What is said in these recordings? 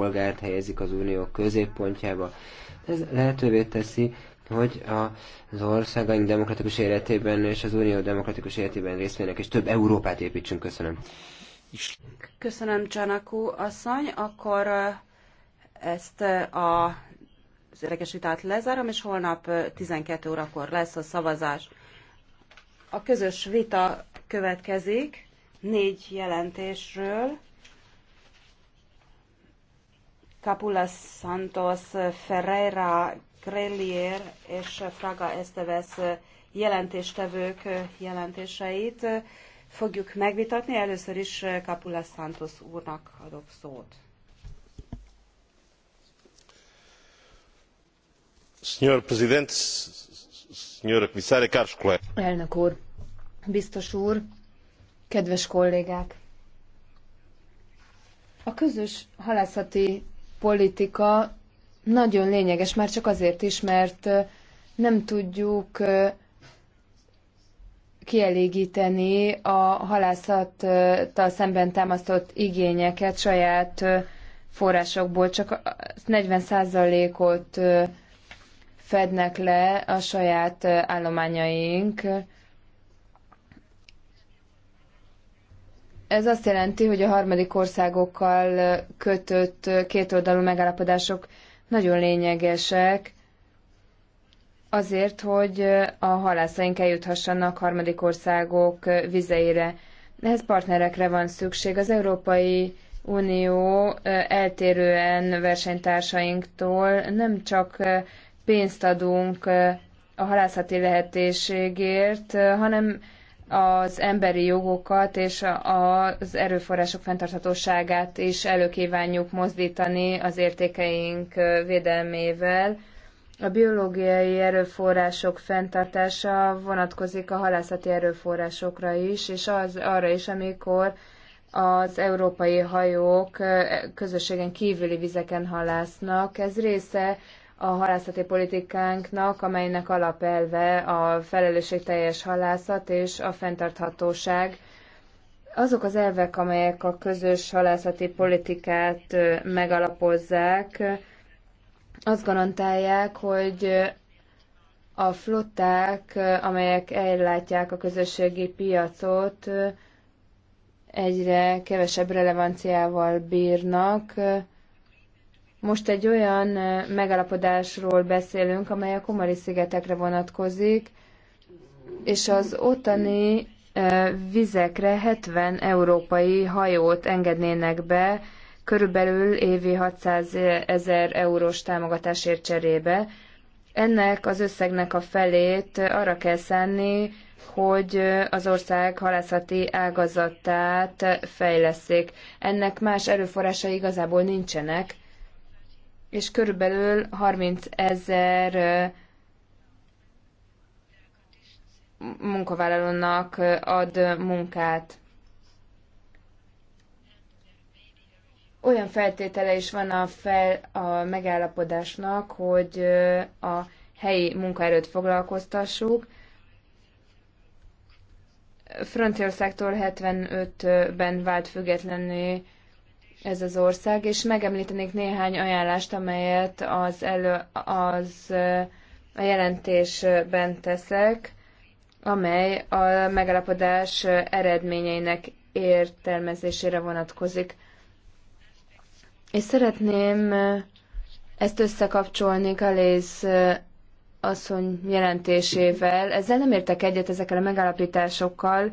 polgárt helyezik az unió középpontjába. Ez lehetővé teszi, hogy az országaink demokratikus életében és az unió demokratikus életében részt és több Európát építsünk. Köszönöm. Köszönöm, Csanakú asszony. Akkor eh, ezt a eh, az érdekes vitát lezárom, és holnap 12 eh, órakor lesz a szavazás. A közös vita következik négy jelentésről. Capula Santos, Ferreira, Grelier és Fraga Esteves jelentéstevők jelentéseit fogjuk megvitatni. Először is Capula Santos úrnak adok szót. Senhor Presidente, Senhora Comissária, caros Elnök úr, biztos úr, kedves kollégák! A közös halászati politika nagyon lényeges, már csak azért is, mert nem tudjuk kielégíteni a halászattal szemben támasztott igényeket saját forrásokból, csak 40%-ot fednek le a saját állományaink, Ez azt jelenti, hogy a harmadik országokkal kötött kétoldalú megállapodások nagyon lényegesek azért, hogy a halászaink eljuthassanak harmadik országok vizeire. Ehhez partnerekre van szükség. Az Európai Unió eh, eltérően versenytársainktól nem csak eh, pénzt adunk eh, a halászati lehetőségért, hanem az emberi jogokat és az erőforrások fenntarthatóságát is előkívánjuk mozdítani az értékeink védelmével. A biológiai erőforrások fenntartása vonatkozik a halászati erőforrásokra is, és az arra is, amikor az európai hajók közösségen kívüli vizeken halásznak. Ez része a halászati politikánknak, amelynek alapelve a felelősségteljes halászat és a fenntarthatóság. Azok az elvek, amelyek a közös halászati politikát megalapozzák, azt garantálják, hogy a flották, amelyek ellátják a közösségi piacot, egyre kevesebb relevanciával bírnak, most egy olyan megalapodásról beszélünk, amely a Komari szigetekre vonatkozik, és az ottani vizekre 70 európai hajót engednének be, körülbelül évi 600 ezer eurós támogatásért cserébe. Ennek az összegnek a felét arra kell szánni, hogy az ország halászati ágazatát fejleszék. Ennek más erőforrásai igazából nincsenek és körülbelül 30 ezer munkavállalónak ad munkát. Olyan feltétele is van a, fel, a megállapodásnak, hogy a helyi munkaerőt foglalkoztassuk. Franciaországtól 75-ben vált függetlenné ez az ország, és megemlítenék néhány ajánlást, amelyet az, elő, az a jelentésben teszek, amely a megállapodás eredményeinek értelmezésére vonatkozik. És szeretném ezt összekapcsolni Kalész asszony jelentésével. Ezzel nem értek egyet ezekkel a megállapításokkal,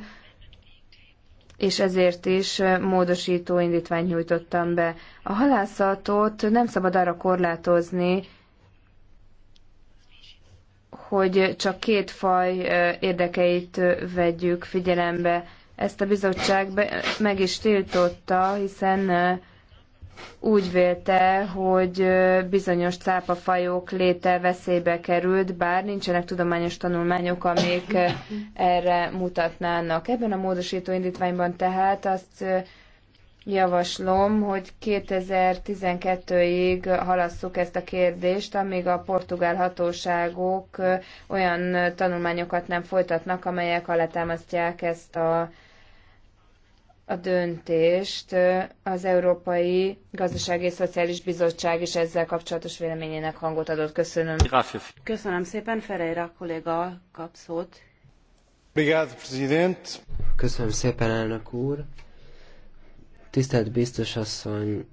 és ezért is módosító indítványt nyújtottam be. A halászatot nem szabad arra korlátozni, hogy csak két faj érdekeit vegyük figyelembe. Ezt a bizottság meg is tiltotta, hiszen úgy vélte, hogy bizonyos cápafajok léte veszélybe került, bár nincsenek tudományos tanulmányok, amik erre mutatnának. Ebben a módosító indítványban tehát azt javaslom, hogy 2012-ig halasszuk ezt a kérdést, amíg a portugál hatóságok olyan tanulmányokat nem folytatnak, amelyek alátámasztják ezt a a döntést az Európai Gazdasági és Szociális Bizottság is ezzel kapcsolatos véleményének hangot adott. Köszönöm. Köszönöm szépen. Ferreira kolléga kap szót. Köszönöm szépen, elnök úr. Tisztelt biztos asszony,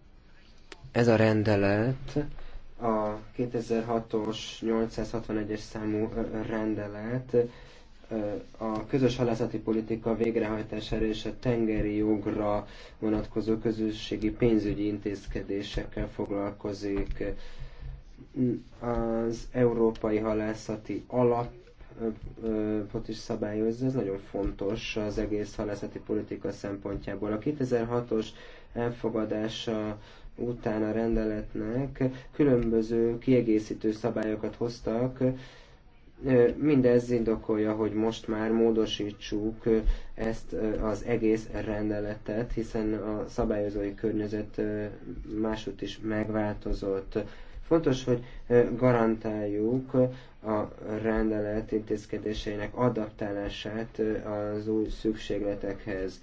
ez a rendelet, a 2006-os 861-es számú rendelet a közös halászati politika végrehajtására és a tengeri jogra vonatkozó közösségi pénzügyi intézkedésekkel foglalkozik. Az európai halászati alap pot is szabályozza, ez nagyon fontos az egész halászati politika szempontjából. A 2006-os elfogadása után a rendeletnek különböző kiegészítő szabályokat hoztak, Mindez indokolja, hogy most már módosítsuk ezt az egész rendeletet, hiszen a szabályozói környezet másút is megváltozott. Fontos, hogy garantáljuk a rendelet intézkedéseinek adaptálását az új szükségletekhez.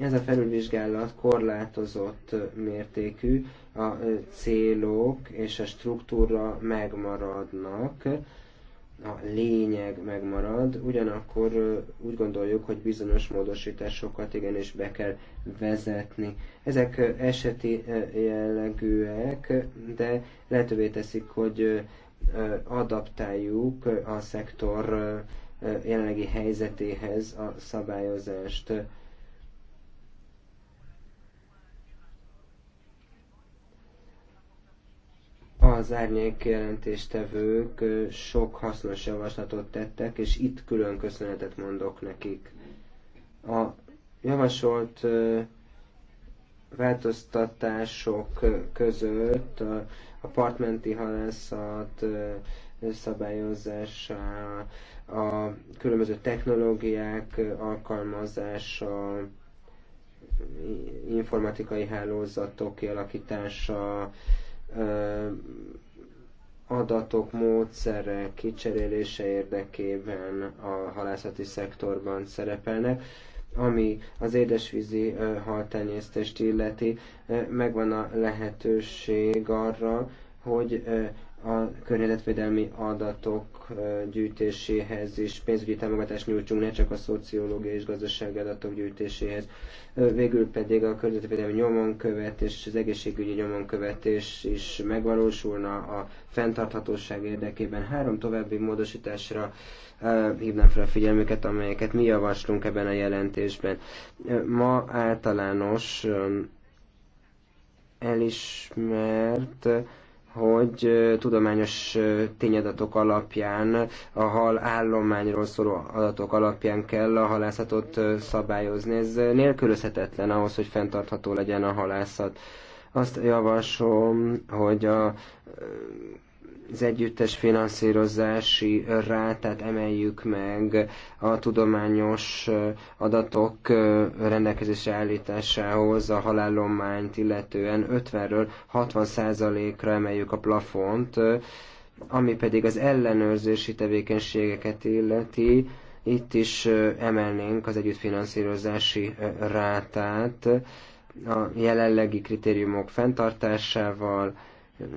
Ez a felülvizsgálat korlátozott mértékű, a célok és a struktúra megmaradnak, a lényeg megmarad, ugyanakkor úgy gondoljuk, hogy bizonyos módosításokat igenis be kell vezetni. Ezek eseti jellegűek, de lehetővé teszik, hogy adaptáljuk a szektor jelenlegi helyzetéhez a szabályozást. az árnyék jelentéstevők sok hasznos javaslatot tettek, és itt külön köszönetet mondok nekik. A javasolt változtatások között a, a partmenti halászat szabályozása, a különböző technológiák alkalmazása, informatikai hálózatok kialakítása, adatok, módszerek kicserélése érdekében a halászati szektorban szerepelnek ami az édesvízi haltenyésztést illeti, megvan a lehetőség arra, hogy a környezetvédelmi adatok gyűjtéséhez és pénzügyi támogatást nyújtsunk, ne csak a szociológiai és gazdasági adatok gyűjtéséhez. Végül pedig a környezetvédelmi nyomonkövetés és az egészségügyi nyomonkövetés is megvalósulna a fenntarthatóság érdekében. Három további módosításra hívnám fel a figyelmüket, amelyeket mi javaslunk ebben a jelentésben. Ma általános elismert hogy tudományos tényadatok alapján, a hal állományról szóló adatok alapján kell a halászatot szabályozni. Ez nélkülözhetetlen ahhoz, hogy fenntartható legyen a halászat. Azt javaslom, hogy a az együttes finanszírozási rátát emeljük meg a tudományos adatok rendelkezésre állításához a halállományt illetően 50-ről 60%-ra emeljük a plafont, ami pedig az ellenőrzési tevékenységeket illeti, itt is emelnénk az együttfinanszírozási rátát a jelenlegi kritériumok fenntartásával,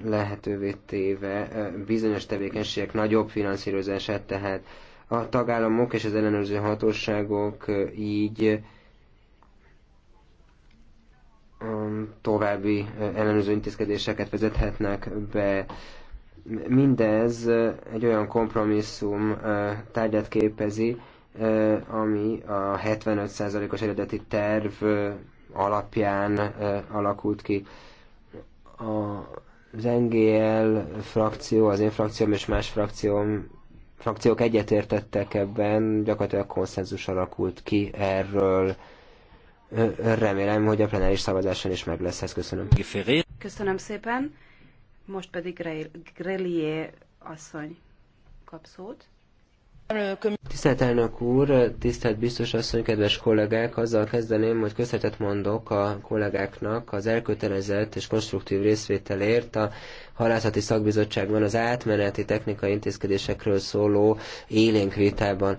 lehetővé téve bizonyos tevékenységek nagyobb finanszírozását, tehát a tagállamok és az ellenőrző hatóságok így további ellenőrző intézkedéseket vezethetnek be. Mindez egy olyan kompromisszum tárgyat képezi, ami a 75%-os eredeti terv alapján alakult ki. A az NGL frakció, az én frakcióm és más frakcióm, frakciók egyetértettek ebben, gyakorlatilag konszenzus alakult ki erről. Remélem, hogy a plenáris szavazáson is meg lesz ez. Köszönöm. Köszönöm szépen. Most pedig Grelier asszony kap szót. Tisztelt elnök úr, tisztelt biztos asszony, kedves kollégák, azzal kezdeném, hogy köszönetet mondok a kollégáknak az elkötelezett és konstruktív részvételért a halászati szakbizottságban az átmeneti technikai intézkedésekről szóló élénk vitában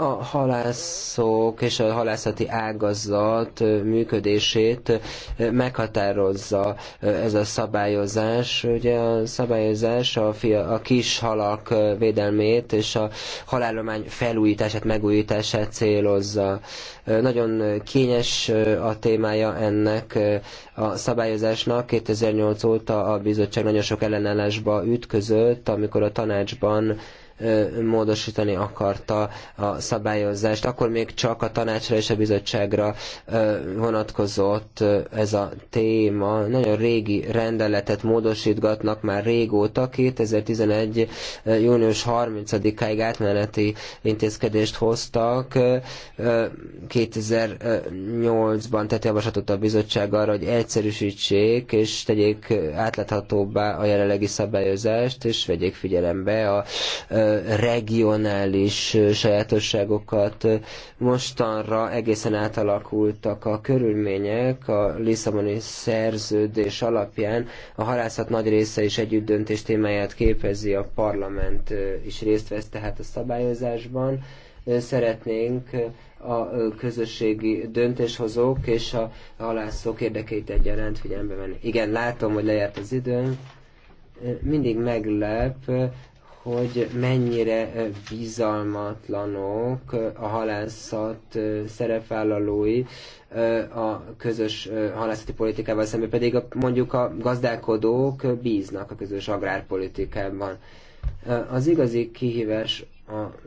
a halászok és a halászati ágazat működését meghatározza ez a szabályozás. Ugye a szabályozás a, fia, a kis halak védelmét és a halállomány felújítását, megújítását célozza. Nagyon kényes a témája ennek a szabályozásnak. 2008 óta a bizottság nagyon sok ellenállásba ütközött, amikor a tanácsban módosítani akarta a szabályozást, akkor még csak a tanácsra és a bizottságra vonatkozott ez a téma. Nagyon régi rendeletet módosítgatnak már régóta, 2011. június 30-áig átmeneti intézkedést hoztak, 2008-ban tett javaslatot a bizottság arra, hogy egyszerűsítsék és tegyék átláthatóbbá a jelenlegi szabályozást, és vegyék figyelembe a regionális sajátosságokat. Mostanra egészen átalakultak a körülmények, a Lisszaboni szerződés alapján a halászat nagy része is együtt döntés témáját képezi, a parlament is részt vesz tehát a szabályozásban. Szeretnénk a közösségi döntéshozók és a halászok érdekeit egyaránt figyelembe venni. Igen, látom, hogy lejárt az időm mindig meglep, hogy mennyire bizalmatlanok a halászat szerepvállalói a közös halászati politikával szemben, pedig a, mondjuk a gazdálkodók bíznak a közös agrárpolitikában. Az igazi kihívás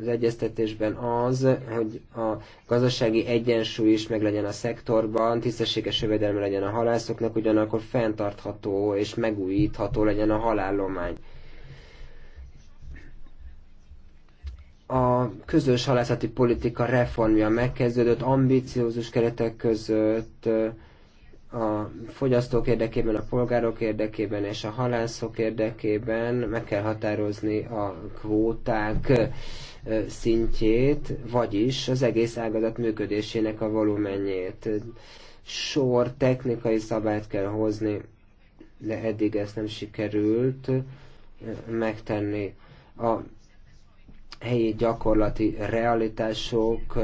az egyeztetésben az, hogy a gazdasági egyensúly is meg legyen a szektorban, tisztességes jövedelme legyen a halászoknak, ugyanakkor fenntartható és megújítható legyen a halállomány a közös halászati politika reformja megkezdődött, ambíciózus keretek között a fogyasztók érdekében, a polgárok érdekében és a halászok érdekében meg kell határozni a kvóták szintjét, vagyis az egész ágazat működésének a volumenjét. Sor technikai szabályt kell hozni, de eddig ezt nem sikerült megtenni. A helyi gyakorlati realitások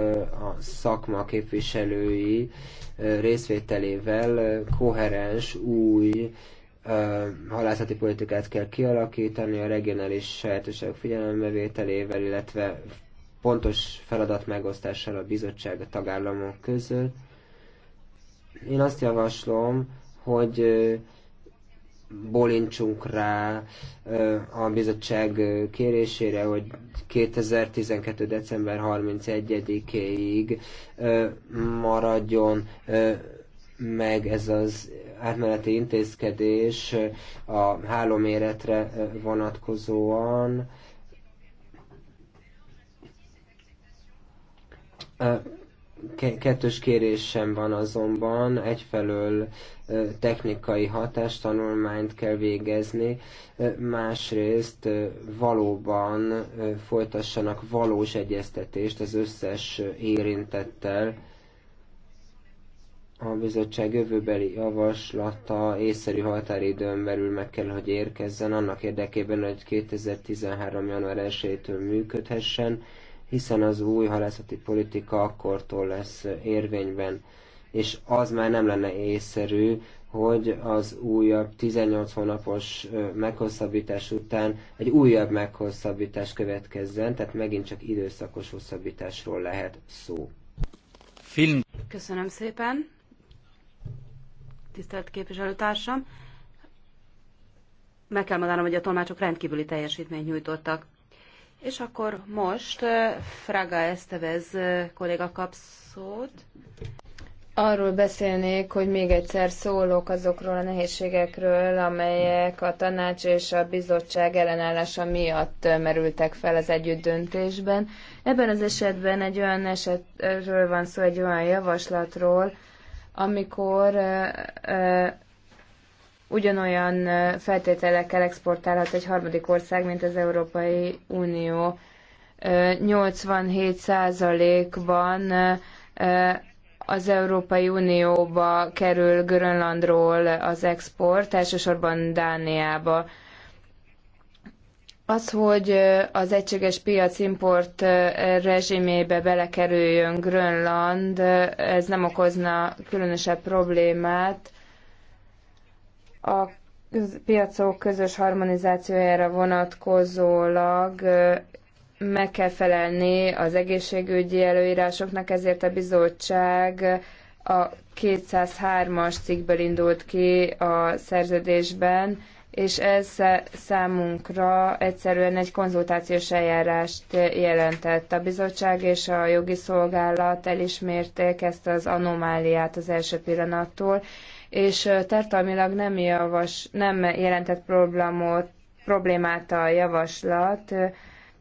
a szakma képviselői részvételével koherens új halászati politikát kell kialakítani a regionális sajátosság figyelembevételével, illetve pontos feladat megosztással a bizottság a tagállamok közül. Én azt javaslom, hogy bolincsunk rá a bizottság kérésére, hogy 2012. december 31-éig maradjon meg ez az átmeneti intézkedés a háloméretre vonatkozóan kettős kérésem van azonban, egyfelől technikai hatástanulmányt kell végezni, másrészt valóban folytassanak valós egyeztetést az összes érintettel, a bizottság jövőbeli javaslata észszerű határidőn belül meg kell, hogy érkezzen, annak érdekében, hogy 2013. január 1-től működhessen hiszen az új halászati politika akkortól lesz érvényben, és az már nem lenne észszerű, hogy az újabb 18 hónapos meghosszabbítás után egy újabb meghosszabbítás következzen, tehát megint csak időszakos hosszabbításról lehet szó. Film. Köszönöm szépen, tisztelt képviselőtársam. Meg kell mondanom, hogy a tolmácsok rendkívüli teljesítményt nyújtottak. És akkor most Fraga Estevez kolléga kap szót. Arról beszélnék, hogy még egyszer szólok azokról a nehézségekről, amelyek a tanács és a bizottság ellenállása miatt merültek fel az együtt döntésben. Ebben az esetben egy olyan esetről van szó, egy olyan javaslatról, amikor ugyanolyan feltételekkel exportálhat egy harmadik ország, mint az Európai Unió. 87%-ban az Európai Unióba kerül Grönlandról az export, elsősorban Dániába. Az, hogy az egységes piac import rezsimébe belekerüljön Grönland, ez nem okozna különösebb problémát, a piacok közös harmonizációjára vonatkozólag meg kell felelni az egészségügyi előírásoknak, ezért a bizottság a 203-as cikkből indult ki a szerződésben, és ez számunkra egyszerűen egy konzultációs eljárást jelentett. A bizottság és a jogi szolgálat elismérték ezt az anomáliát az első pillanattól, és tartalmilag nem, javas, nem jelentett problémot, problémát a javaslat,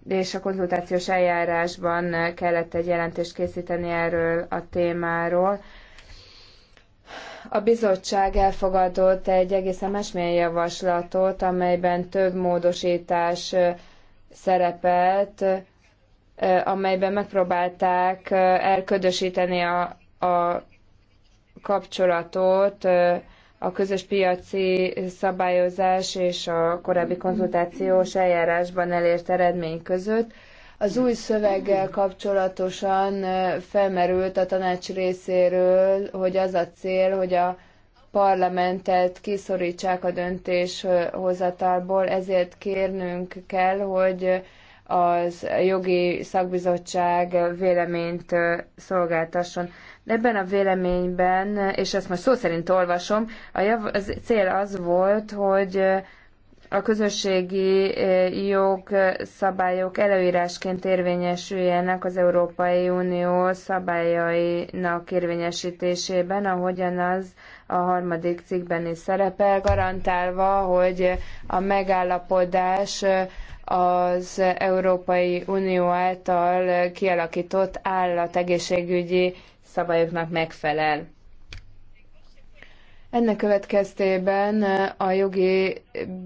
és a konzultációs eljárásban kellett egy jelentést készíteni erről a témáról. A bizottság elfogadott egy egészen másmilyen javaslatot, amelyben több módosítás szerepelt, amelyben megpróbálták elködösíteni a, a kapcsolatot a közös piaci szabályozás és a korábbi konzultációs eljárásban elért eredmény között. Az új szöveggel kapcsolatosan felmerült a tanács részéről, hogy az a cél, hogy a parlamentet kiszorítsák a döntéshozatalból, ezért kérnünk kell, hogy az jogi szakbizottság véleményt szolgáltasson. Ebben a véleményben, és ezt most szó szerint olvasom, a jav- az cél az volt, hogy a közösségi eh, jogszabályok előírásként érvényesüljenek az Európai Unió szabályainak érvényesítésében, ahogyan az a harmadik cikkben is szerepel, garantálva, hogy a megállapodás eh, az Európai Unió által kialakított állategészségügyi szabályoknak megfelel. Ennek következtében eh, a jogi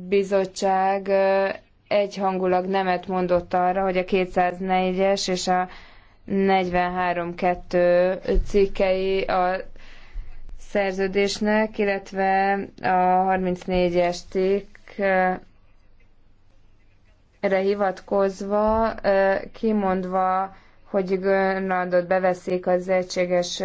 bizottság eh, egyhangulag nemet mondott arra, hogy a 204-es és a 43.2 cikkei a szerződésnek, illetve a 34-es cikkre hivatkozva, eh, kimondva hogy Grönlandot beveszik az egységes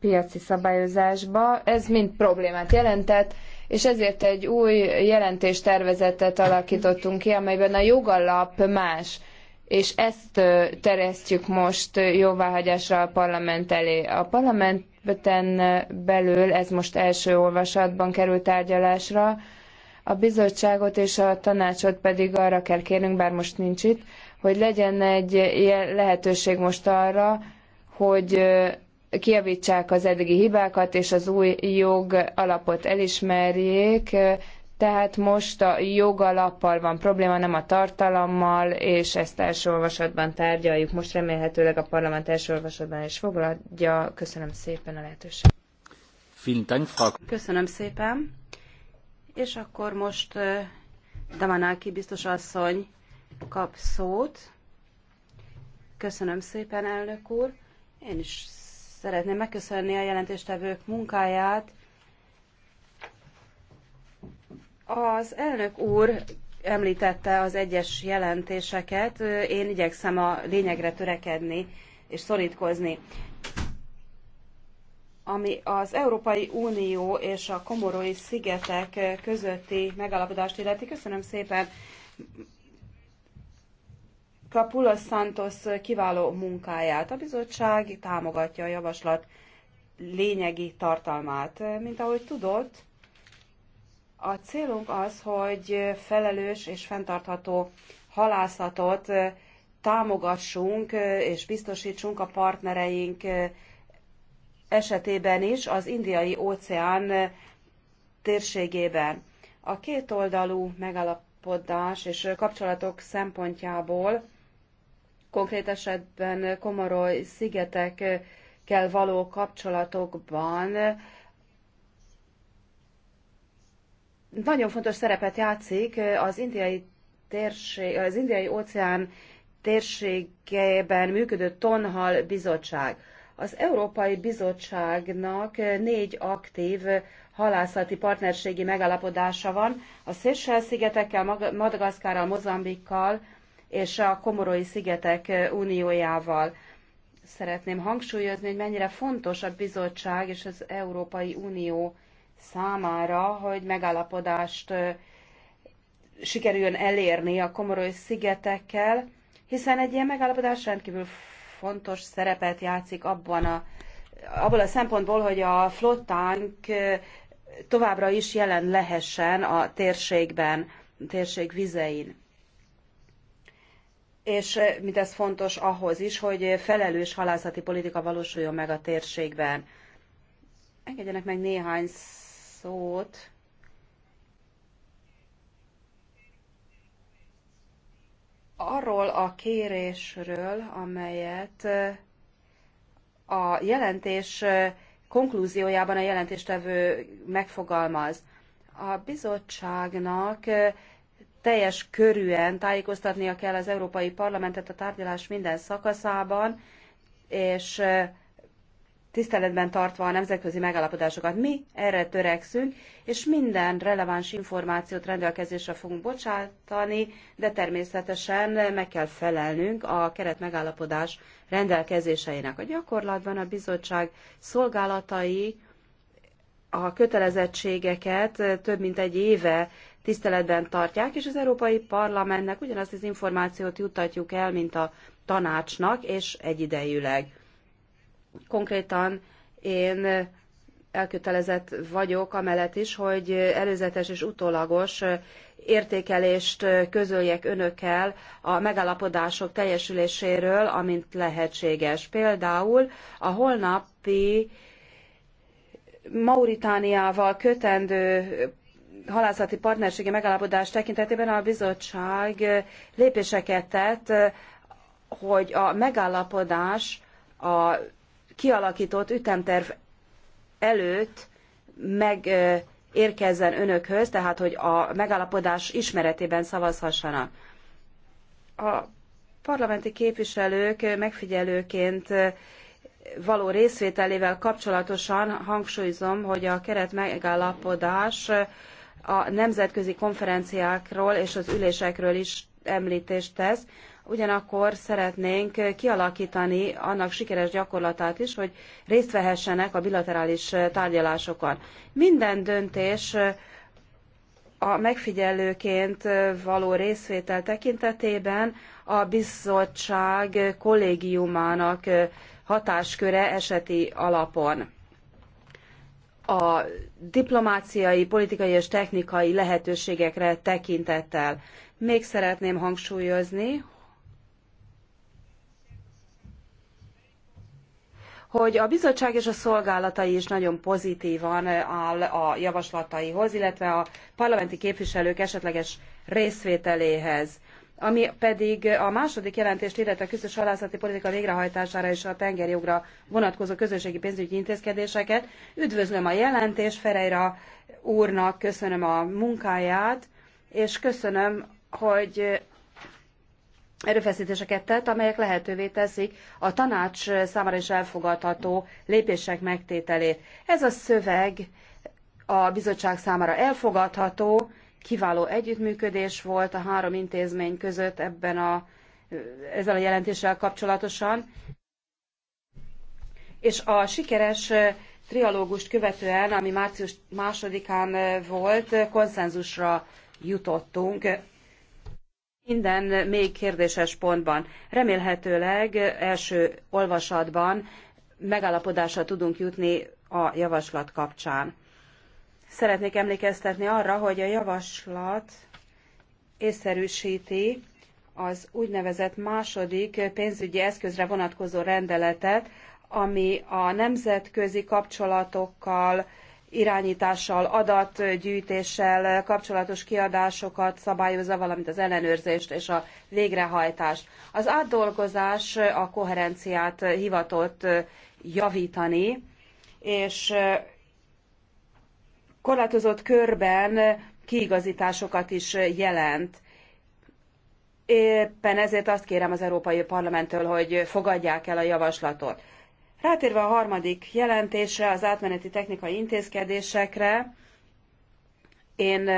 piaci szabályozásba. Ez mind problémát jelentett, és ezért egy új jelentéstervezetet alakítottunk ki, amelyben a jogalap más, és ezt terjesztjük most jóváhagyásra a parlament elé. A parlamenten belül ez most első olvasatban került tárgyalásra, a bizottságot és a tanácsot pedig arra kell kérnünk, bár most nincs itt, hogy legyen egy lehetőség most arra, hogy kiavítsák az eddigi hibákat, és az új jog alapot elismerjék, tehát most a jogalappal van probléma, nem a tartalommal, és ezt első olvasatban tárgyaljuk. Most remélhetőleg a parlament első olvasatban is foglalja. Köszönöm szépen a lehetőséget. Köszönöm szépen. És akkor most Damanaki biztos asszony kap szót. Köszönöm szépen, elnök úr. Én is szeretném megköszönni a jelentéstevők munkáját. Az elnök úr említette az egyes jelentéseket, én igyekszem a lényegre törekedni és szorítkozni. Ami az Európai Unió és a Komorói szigetek közötti megállapodást illeti, köszönöm szépen Capula Santos kiváló munkáját. A bizottság támogatja a javaslat lényegi tartalmát. Mint ahogy tudott, a célunk az, hogy felelős és fenntartható halászatot támogassunk és biztosítsunk a partnereink esetében is az indiai óceán térségében. A kétoldalú megalapodás és kapcsolatok szempontjából konkrét esetben Komoroly szigetekkel való kapcsolatokban nagyon fontos szerepet játszik az indiai, térség, az indiai óceán térségében működő Tonhal Bizottság. Az Európai Bizottságnak négy aktív halászati partnerségi megállapodása van a Seychelles szigetekkel, Madagaszkárral, Mozambikkal, és a Komorói Szigetek Uniójával. Szeretném hangsúlyozni, hogy mennyire fontos a bizottság és az Európai Unió számára, hogy megállapodást sikerüljön elérni a Komorói Szigetekkel, hiszen egy ilyen megállapodás rendkívül fontos szerepet játszik abban a, abból a szempontból, hogy a flottánk továbbra is jelen lehessen a térségben, a térség vizein és eh, ez fontos ahhoz is, hogy felelős halászati politika valósuljon meg a térségben. Engedjenek meg néhány szót. Arról a kérésről, amelyet eh, a jelentés eh, konklúziójában a jelentéstevő megfogalmaz. A bizottságnak teljes körűen tájékoztatnia kell az Európai Parlamentet a tárgyalás minden szakaszában, és tiszteletben tartva a nemzetközi megállapodásokat. Mi erre törekszünk, és minden releváns információt rendelkezésre fogunk bocsátani, de természetesen meg kell felelnünk a keret megállapodás rendelkezéseinek. A gyakorlatban a bizottság szolgálatai a kötelezettségeket több mint egy éve tiszteletben tartják, és az Európai Parlamentnek ugyanazt az információt juttatjuk el, mint a tanácsnak, és egyidejűleg. Konkrétan én elkötelezett vagyok amellett is, hogy előzetes és utólagos értékelést közöljek önökkel a megállapodások teljesüléséről, amint lehetséges. Például a holnapi Mauritániával kötendő halászati partnerségi megállapodás tekintetében a bizottság lépéseket tett, hogy a megállapodás a kialakított ütemterv előtt megérkezzen önökhöz, tehát hogy a megállapodás ismeretében szavazhassanak. A parlamenti képviselők megfigyelőként való részvételével kapcsolatosan hangsúlyozom, hogy a keret megállapodás a nemzetközi konferenciákról és az ülésekről is emltést tesz. Ugyanakkor szeretnénk kialaktani annak sikeres gyakorlatát is, hogy részt vehessenek a bilaterális tárgyalásokon. Minden döntés a megfigyelőként való részvétel tekintetében a bizottság kollégiumának hatásköre eseti alapon. A diplomáciai, politikai és technikai lehetőségekre tekintettel. Még szeretném hangsúlyozni, hogy a bizottság és a szolgálatai is nagyon pozitívan áll a javaslataihoz, illetve a parlamenti képviselők esetleges részvételéhez ami pedig a második jelentést illetve a közös halászati politika végrehajtására és a tengerjogra vonatkozó közösségi pénzügyi intézkedéseket. Üdvözlöm a jelentést, Ferejra úrnak köszönöm a munkáját, és köszönöm, hogy erőfeszítéseket tett, amelyek lehetővé teszik a tanács számára is elfogadható lépések megtételét. Ez a szöveg a bizottság számára elfogadható, kiváló együttműködés volt a három intézmény között ebben a, ezzel a jelentéssel kapcsolatosan. És a sikeres trialógust követően, ami március másodikán volt, konszenzusra jutottunk minden még kérdéses pontban. Remélhetőleg első olvasatban megállapodásra tudunk jutni a javaslat kapcsán. Szeretnék emlékeztetni arra, hogy a javaslat észszerűsíti az úgynevezett második pénzügyi eszközre vonatkozó rendeletet, ami a nemzetközi kapcsolatokkal, irányítással, adatgyűjtéssel kapcsolatos kiadásokat szabályozza, valamint az ellenőrzést és a végrehajtást. Az átdolgozás a koherenciát hivatott javítani, és korlátozott körben kiigazításokat is jelent. Éppen ezért azt kérem az Európai Parlamenttől, hogy fogadják el a javaslatot. Rátérve a harmadik jelentésre, az átmeneti technikai intézkedésekre, én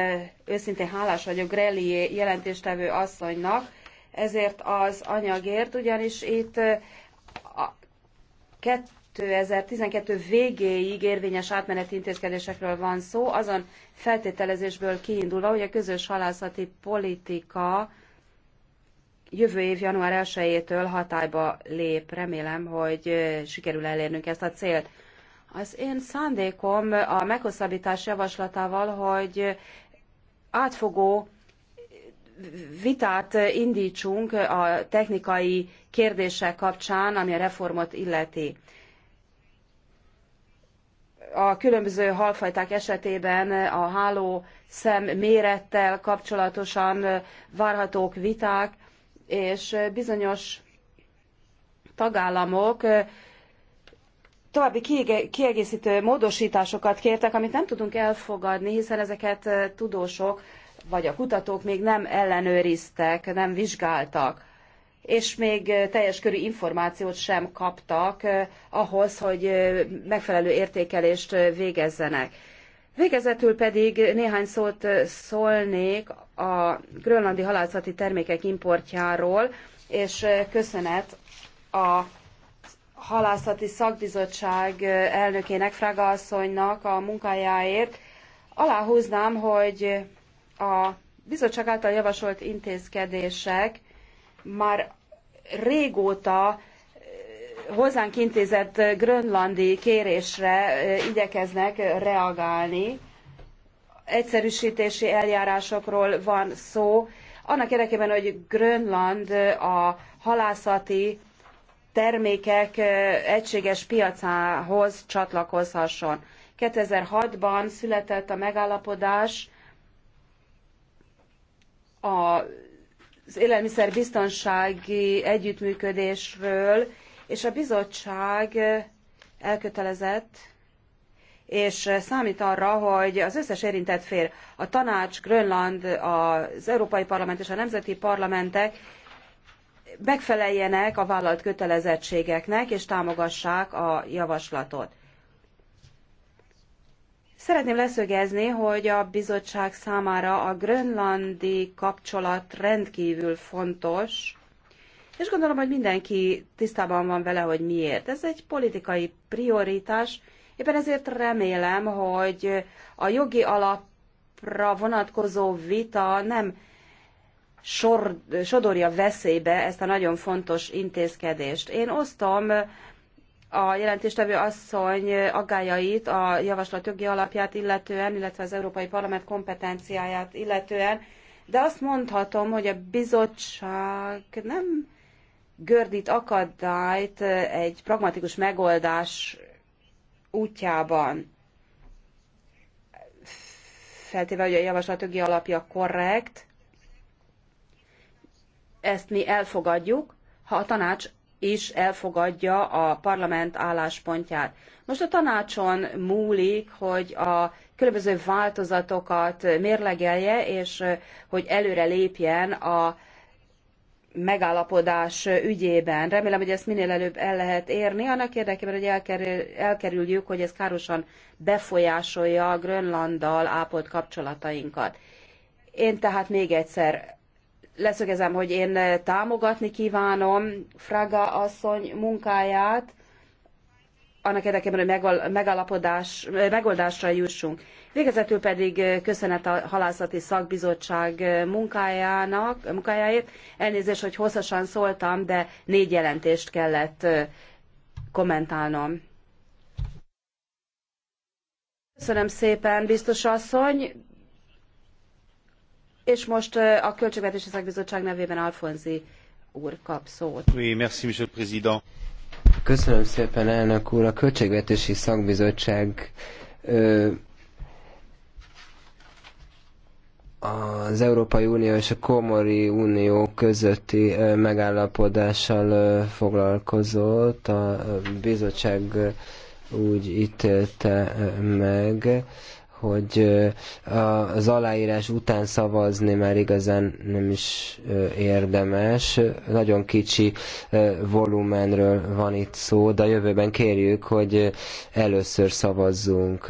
őszintén hálás vagyok Grellié jelentéstevő asszonynak, ezért az anyagért, ugyanis itt a 2012 végéig érvényes átmeneti intézkedésekről van szó, azon feltételezésből kiindulva, hogy a közös halászati politika jövő év január 1-től hatályba lép. Remélem, hogy sikerül elérnünk ezt a célt. Az én szándékom a meghosszabbítás javaslatával, hogy átfogó vitát indítsunk a technikai kérdések kapcsán, ami a reformot illeti a különböző halfajták esetében a háló szem mérettel kapcsolatosan várhatók viták, és bizonyos tagállamok további kiegészítő módosításokat kértek, amit nem tudunk elfogadni, hiszen ezeket tudósok vagy a kutatók még nem ellenőriztek, nem vizsgáltak és még teljes körű információt sem kaptak ahhoz, hogy megfelelő értékelést végezzenek. Végezetül pedig néhány szót szólnék a grönlandi halászati termékek importjáról, és köszönet a halászati szakbizottság elnökének, Fraga asszonynak a munkájáért. Aláhúznám, hogy a bizottság által javasolt intézkedések már régóta eh, hozzánk intézett grönlandi kérésre eh, igyekeznek reagálni. Egyszerűsítési eljárásokról van szó. Annak érdekében, hogy Grönland eh, a halászati termékek egységes piacához csatlakozhasson. 2006-ban született a megállapodás a az élelmiszerbiztonsági együttműködésről, és a bizottság elkötelezett és számít arra, hogy az összes érintett fél, a tanács, Grönland, az Európai Parlament és a nemzeti parlamentek megfeleljenek a vállalt kötelezettségeknek, és támogassák a javaslatot. Szeretném leszögezni, hogy a bizottság számára a grönlandi kapcsolat rendkívül fontos, és gondolom, hogy mindenki tisztában van vele, hogy miért. Ez egy politikai prioritás, éppen ezért remélem, hogy a jogi alapra vonatkozó vita nem sor, sodorja veszélybe ezt a nagyon fontos intézkedést. Én osztom a jelentéstevő asszony aggájait a javaslat jogi alapját illetően, illetve az Európai Parlament kompetenciáját illetően, de azt mondhatom, hogy a bizottság nem gördít akadályt egy pragmatikus megoldás útjában. Feltéve, hogy a javaslat jogi alapja korrekt, ezt mi elfogadjuk, ha a tanács is elfogadja a parlament álláspontját. Most a tanácson múlik, hogy a különböző változatokat mérlegelje, és hogy előre lépjen a megállapodás ügyében. Remélem, hogy ezt minél előbb el lehet érni, annak érdekében, hogy elkerül, elkerüljük, hogy ez károsan befolyásolja a Grönlanddal ápolt kapcsolatainkat. Én tehát még egyszer leszögezem, hogy én eh, támogatni kívánom Fraga asszony munkáját, annak érdekében, hogy megalapodás, eh, megoldásra jussunk. Végezetül pedig eh, köszönet a Halászati Szakbizottság munkájának, munkájáért. Elnézést, hogy hosszasan szóltam, de négy jelentést kellett kommentálnom. Köszönöm szépen, biztos asszony. És most a Költségvetési Szakbizottság nevében Alfonzi úr kap szót. Oui, merci, monsieur le président. Köszönöm szépen, elnök úr. A Költségvetési Szakbizottság ö, az Európai Unió és a Komori Unió közötti megállapodással foglalkozott. A bizottság úgy ítélte meg, hogy az aláírás után szavazni már igazán nem is érdemes. Nagyon kicsi volumenről van itt szó, de a jövőben kérjük, hogy először szavazzunk.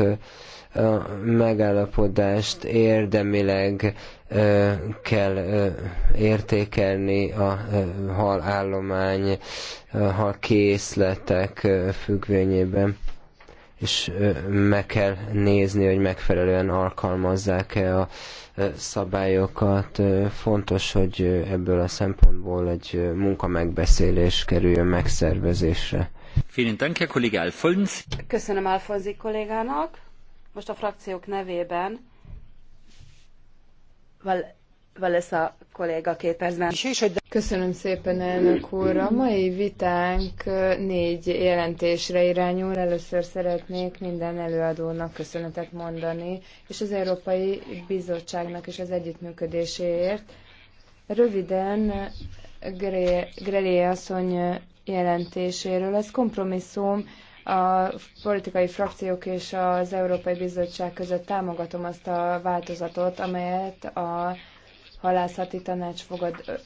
A megállapodást érdemileg kell értékelni a halállomány, a halkészletek függvényében és meg kell nézni, hogy megfelelően alkalmazzák-e a szabályokat. Fontos, hogy ebből a szempontból egy munkamegbeszélés kerüljön megszervezésre. Köszönöm Alfonzi kollégának. Most a frakciók nevében Val Valesza kolléga két Köszönöm szépen, elnök úr. A mai vitánk négy jelentésre irányul. Először szeretnék minden előadónak köszönetet mondani, és az Európai Bizottságnak is az együttműködéséért. Röviden Grelé asszony jelentéséről. Ez kompromisszum a politikai frakciók és az Európai Bizottság között támogatom azt a változatot, amelyet a halászati tanács fogad,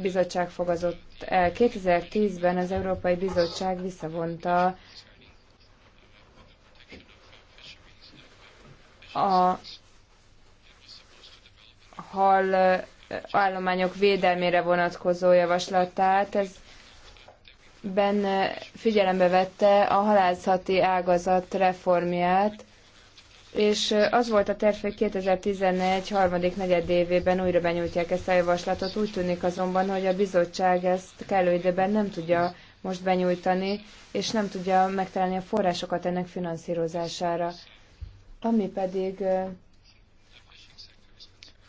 bizottság fogazott el. 2010-ben az Európai Bizottság visszavonta a hal állományok védelmére vonatkozó javaslatát. Ez benne figyelembe vette a halászati ágazat reformját, és az volt a terv, hogy 2011 harmadik negyedévében újra benyújtják ezt a javaslatot. Úgy tűnik azonban, hogy a bizottság ezt kellő időben nem tudja most benyújtani, és nem tudja megtalálni a forrásokat ennek finanszírozására. Ami pedig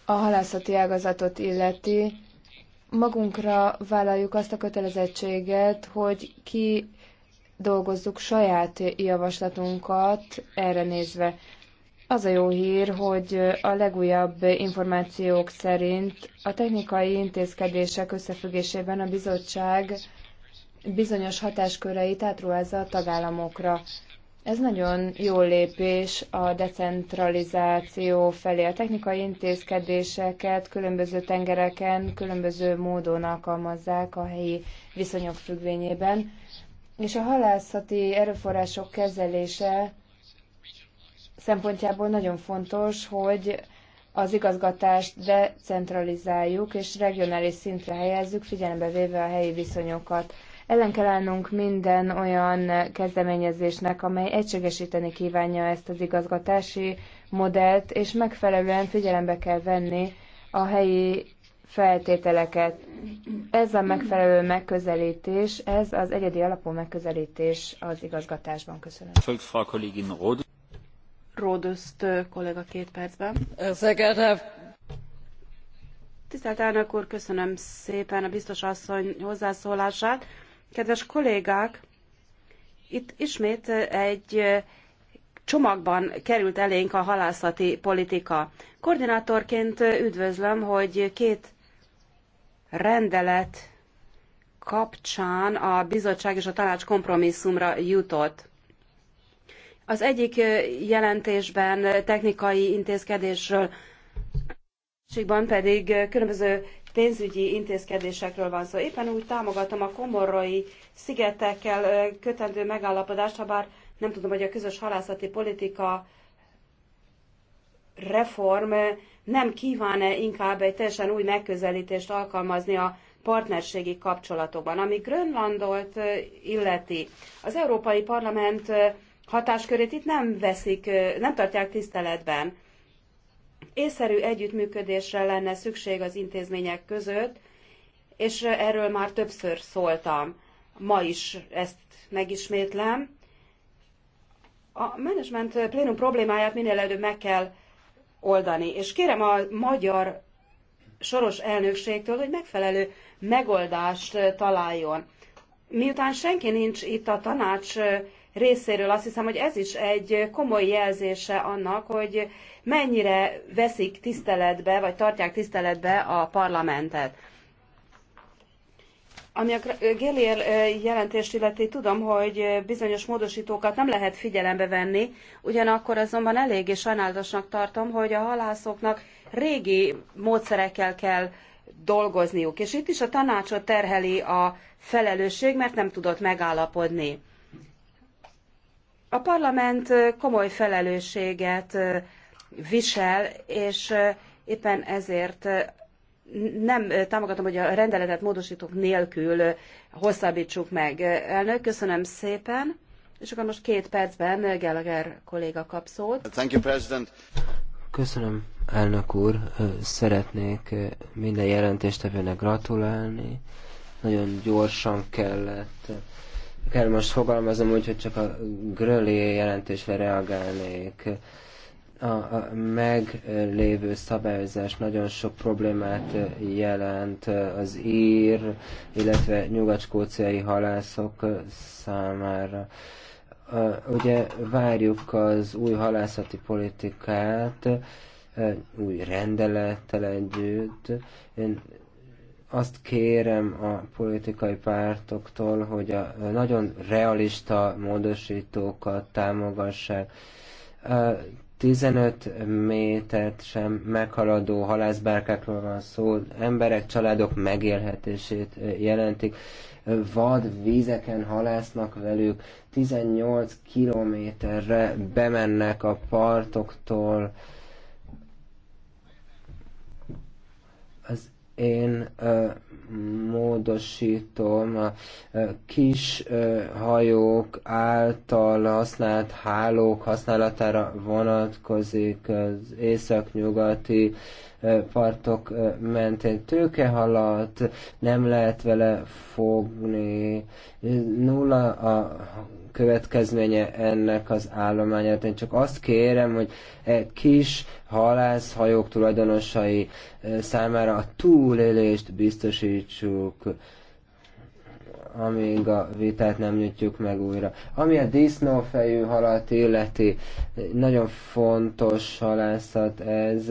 a halászati ágazatot illeti, magunkra vállaljuk azt a kötelezettséget, hogy ki dolgozzuk saját javaslatunkat erre nézve. Az a jó hír, hogy a legújabb információk szerint a technikai intézkedések összefüggésében a bizottság bizonyos hatásköreit átruházza a tagállamokra. Ez nagyon jó lépés a decentralizáció felé. A technikai intézkedéseket különböző tengereken, különböző módon alkalmazzák a helyi viszonyok függvényében, és a halászati erőforrások kezelése szempontjából nagyon fontos, hogy az igazgatást decentralizáljuk és regionális szintre helyezzük, figyelembe véve a helyi viszonyokat. Ellen kell állnunk minden olyan kezdeményezésnek, amely egységesíteni kívánja ezt az igazgatási modellt, és megfelelően figyelembe kell venni a helyi feltételeket. Ez a megfelelő megközelítés, ez az egyedi alapú megközelítés az igazgatásban. Köszönöm. Ródöszt kollega két percben. Tisztelt elnök úr, köszönöm szépen a biztos asszony hozzászólását. Kedves kollégák, itt ismét egy csomagban került elénk a halászati politika. Koordinátorként üdvözlöm, hogy két rendelet kapcsán a bizottság és a tanács kompromisszumra jutott. Az egyik jelentésben technikai intézkedésről, másikban pedig különböző pénzügyi intézkedésekről van szó. Éppen úgy támogatom a komorai szigetekkel kötendő megállapodást, ha bár nem tudom, hogy a közös halászati politika reform nem kíván-e inkább egy teljesen új megközelítést alkalmazni a partnerségi kapcsolatokban. Ami Grönlandot illeti, az Európai Parlament hatáskörét itt nem veszik, nem tartják tiszteletben. Észszerű együttműködésre lenne szükség az intézmények között, és erről már többször szóltam. Ma is ezt megismétlem. A menedzsment plénum problémáját minél előbb meg kell oldani, és kérem a magyar soros elnökségtől, hogy megfelelő megoldást találjon. Miután senki nincs itt a tanács részéről azt hiszem, hogy ez is egy komoly jelzése annak, hogy mennyire veszik tiszteletbe, vagy tartják tiszteletbe a parlamentet. Ami a Gélier jelentést illeti, tudom, hogy bizonyos módosítókat nem lehet figyelembe venni, ugyanakkor azonban eléggé sajnálatosnak tartom, hogy a halászoknak régi módszerekkel kell dolgozniuk. És itt is a tanácsot terheli a felelősség, mert nem tudott megállapodni. A parlament komoly felelősséget visel, és éppen ezért nem támogatom, hogy a rendeletet módosítók nélkül hosszabbítsuk meg. Elnök, köszönöm szépen. És akkor most két percben Gallagher kolléga kap szót. Thank you, President. Köszönöm, elnök úr. Szeretnék minden jelentéstevőnek gratulálni. Nagyon gyorsan kellett kell most fogalmazom úgy, hogy csak a Gröli jelentésre reagálnék. A, a meglévő szabályozás nagyon sok problémát jelent az ír, illetve nyugat halászok számára. Ugye várjuk az új halászati politikát, új rendelettel együtt. Én azt kérem a politikai pártoktól, hogy a nagyon realista módosítókat támogassák. 15 métert sem meghaladó halászbárkákról van szó, emberek, családok megélhetését jelentik, vad vízeken halásznak velük, 18 kilométerre bemennek a partoktól, az én módosítom a kis hajók által használt hálók használatára vonatkozik az északnyugati partok mentén tőkehalat, nem lehet vele fogni, nulla a következménye ennek az állományát. Én csak azt kérem, hogy egy kis halászhajók tulajdonosai e, számára a túlélést biztosítsuk amíg a vitát nem nyitjuk meg újra. Ami a disznófejű halat illeti, nagyon fontos halászat ez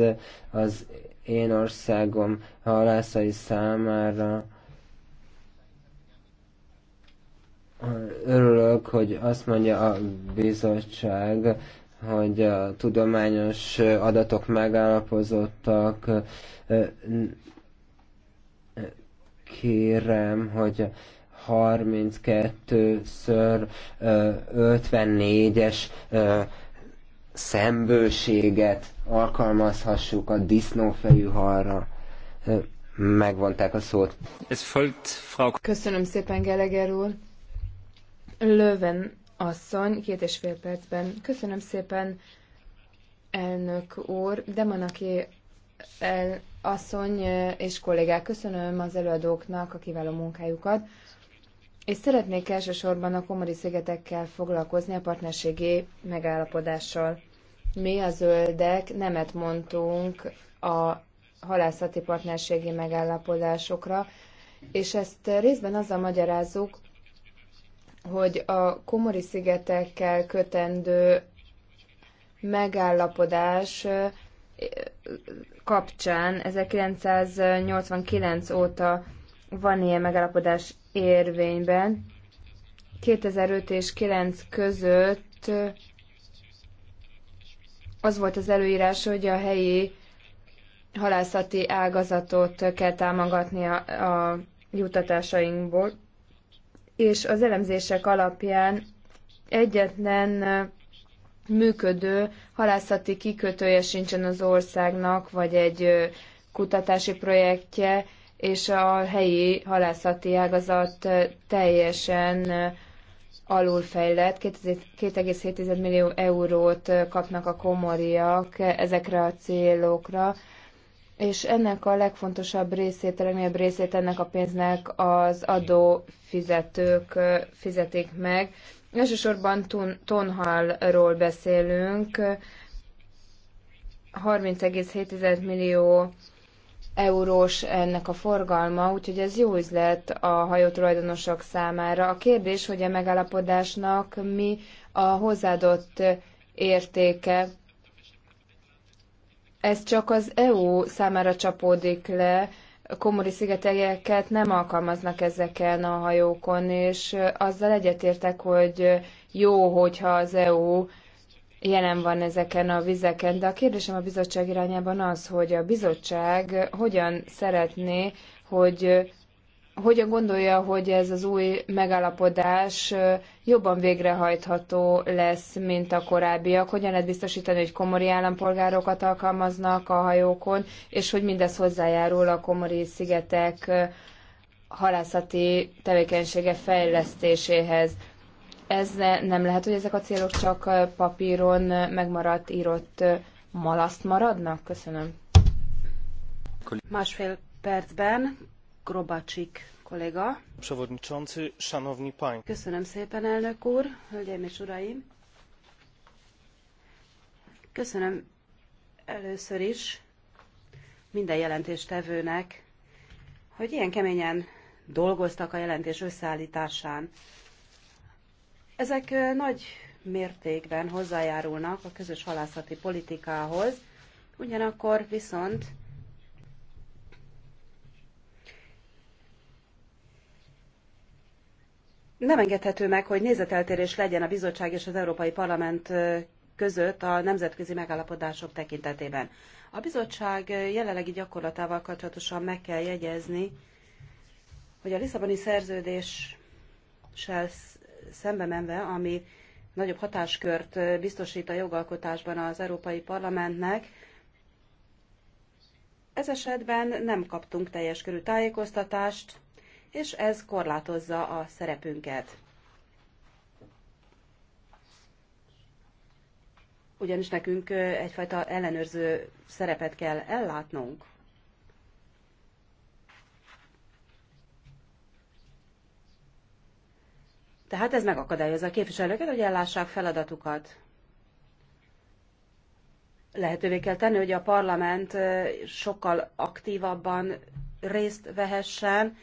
az én országom halászai számára. Örülök, hogy azt mondja a bizottság, hogy a tudományos adatok megállapozottak. Kérem, hogy 32-ször 54-es szembőséget alkalmazhassuk a disznófejű halra. Megvonták a szót. Ez folgt, Frau... Köszönöm szépen, Geleger úr. Löwen asszony, két és fél percben. Köszönöm szépen, elnök úr, de Demanaki el, eh, asszony eh, és kollégák, köszönöm az előadóknak a kiváló munkájukat. És szeretnék elsősorban a komori szigetekkel foglalkozni a partnerségi megállapodással. Mi a zöldek nemet mondtunk a halászati partnerségi megállapodásokra, és ezt részben azzal magyarázzuk, hogy a komori szigetekkel kötendő megállapodás kapcsán 1989 óta van ilyen megállapodás érvényben. 2005 és 9 között az volt az előírás, hogy a helyi halászati ágazatot kell támogatni a, a jutatásainkból és az elemzések alapján egyetlen működő halászati kikötője sincsen az országnak, vagy egy kutatási projektje, és a helyi halászati ágazat teljesen alulfejlett, 2,7 millió eurót kapnak a komoriak ezekre a célokra, és ennek a legfontosabb részét, a legnagyobb részét ennek a pénznek az adó fizetők fizetik meg. Elsősorban tonhalról beszélünk, 30,7 millió eurós ennek a forgalma, úgyhogy ez jó üzlet a hajótulajdonosok számára. A kérdés, hogy a megállapodásnak mi a hozzáadott értéke ez csak az EU számára csapódik le, komori szigetegeket nem alkalmaznak ezeken a hajókon, és azzal egyetértek, hogy jó, hogyha az EU jelen van ezeken a vizeken, de a kérdésem a bizottság irányában az, hogy a bizottság hogyan szeretné, hogy hogyan gondolja, hogy ez az új megállapodás jobban végrehajtható lesz, mint a korábbiak? Hogyan lehet biztosítani, hogy komori állampolgárokat alkalmaznak a hajókon, és hogy mindez hozzájárul a komori szigetek halászati tevékenysége fejlesztéséhez? Ez nem lehet, hogy ezek a célok csak papíron megmaradt, írott malaszt maradnak? Köszönöm. Másfél percben Grobacsik kollega. Przewodniczący, szanowni państwo. Köszönöm szépen, elnök úr, hölgyeim és uraim. Köszönöm először is minden jelentéstevőnek, hogy ilyen keményen dolgoztak a jelentés összeállításán. Ezek nagy mértékben hozzájárulnak a közös halászati politikához, ugyanakkor viszont nem engedhető meg, hogy nézeteltérés legyen a bizottság és az Európai Parlament között a nemzetközi megállapodások tekintetében. A bizottság jelenlegi gyakorlatával kapcsolatosan meg kell jegyezni, hogy a Lisszaboni szerződéssel szembe menve, ami nagyobb hatáskört biztosít a jogalkotásban az Európai Parlamentnek, ez esetben nem kaptunk teljes körű tájékoztatást, és ez korlátozza a szerepünket. Ugyanis nekünk egyfajta ellenőrző szerepet kell ellátnunk. Tehát ez megakadályozza a képviselőket, hogy ellássák feladatukat. Lehetővé kell tenni, hogy a parlament sokkal aktívabban részt vehessen,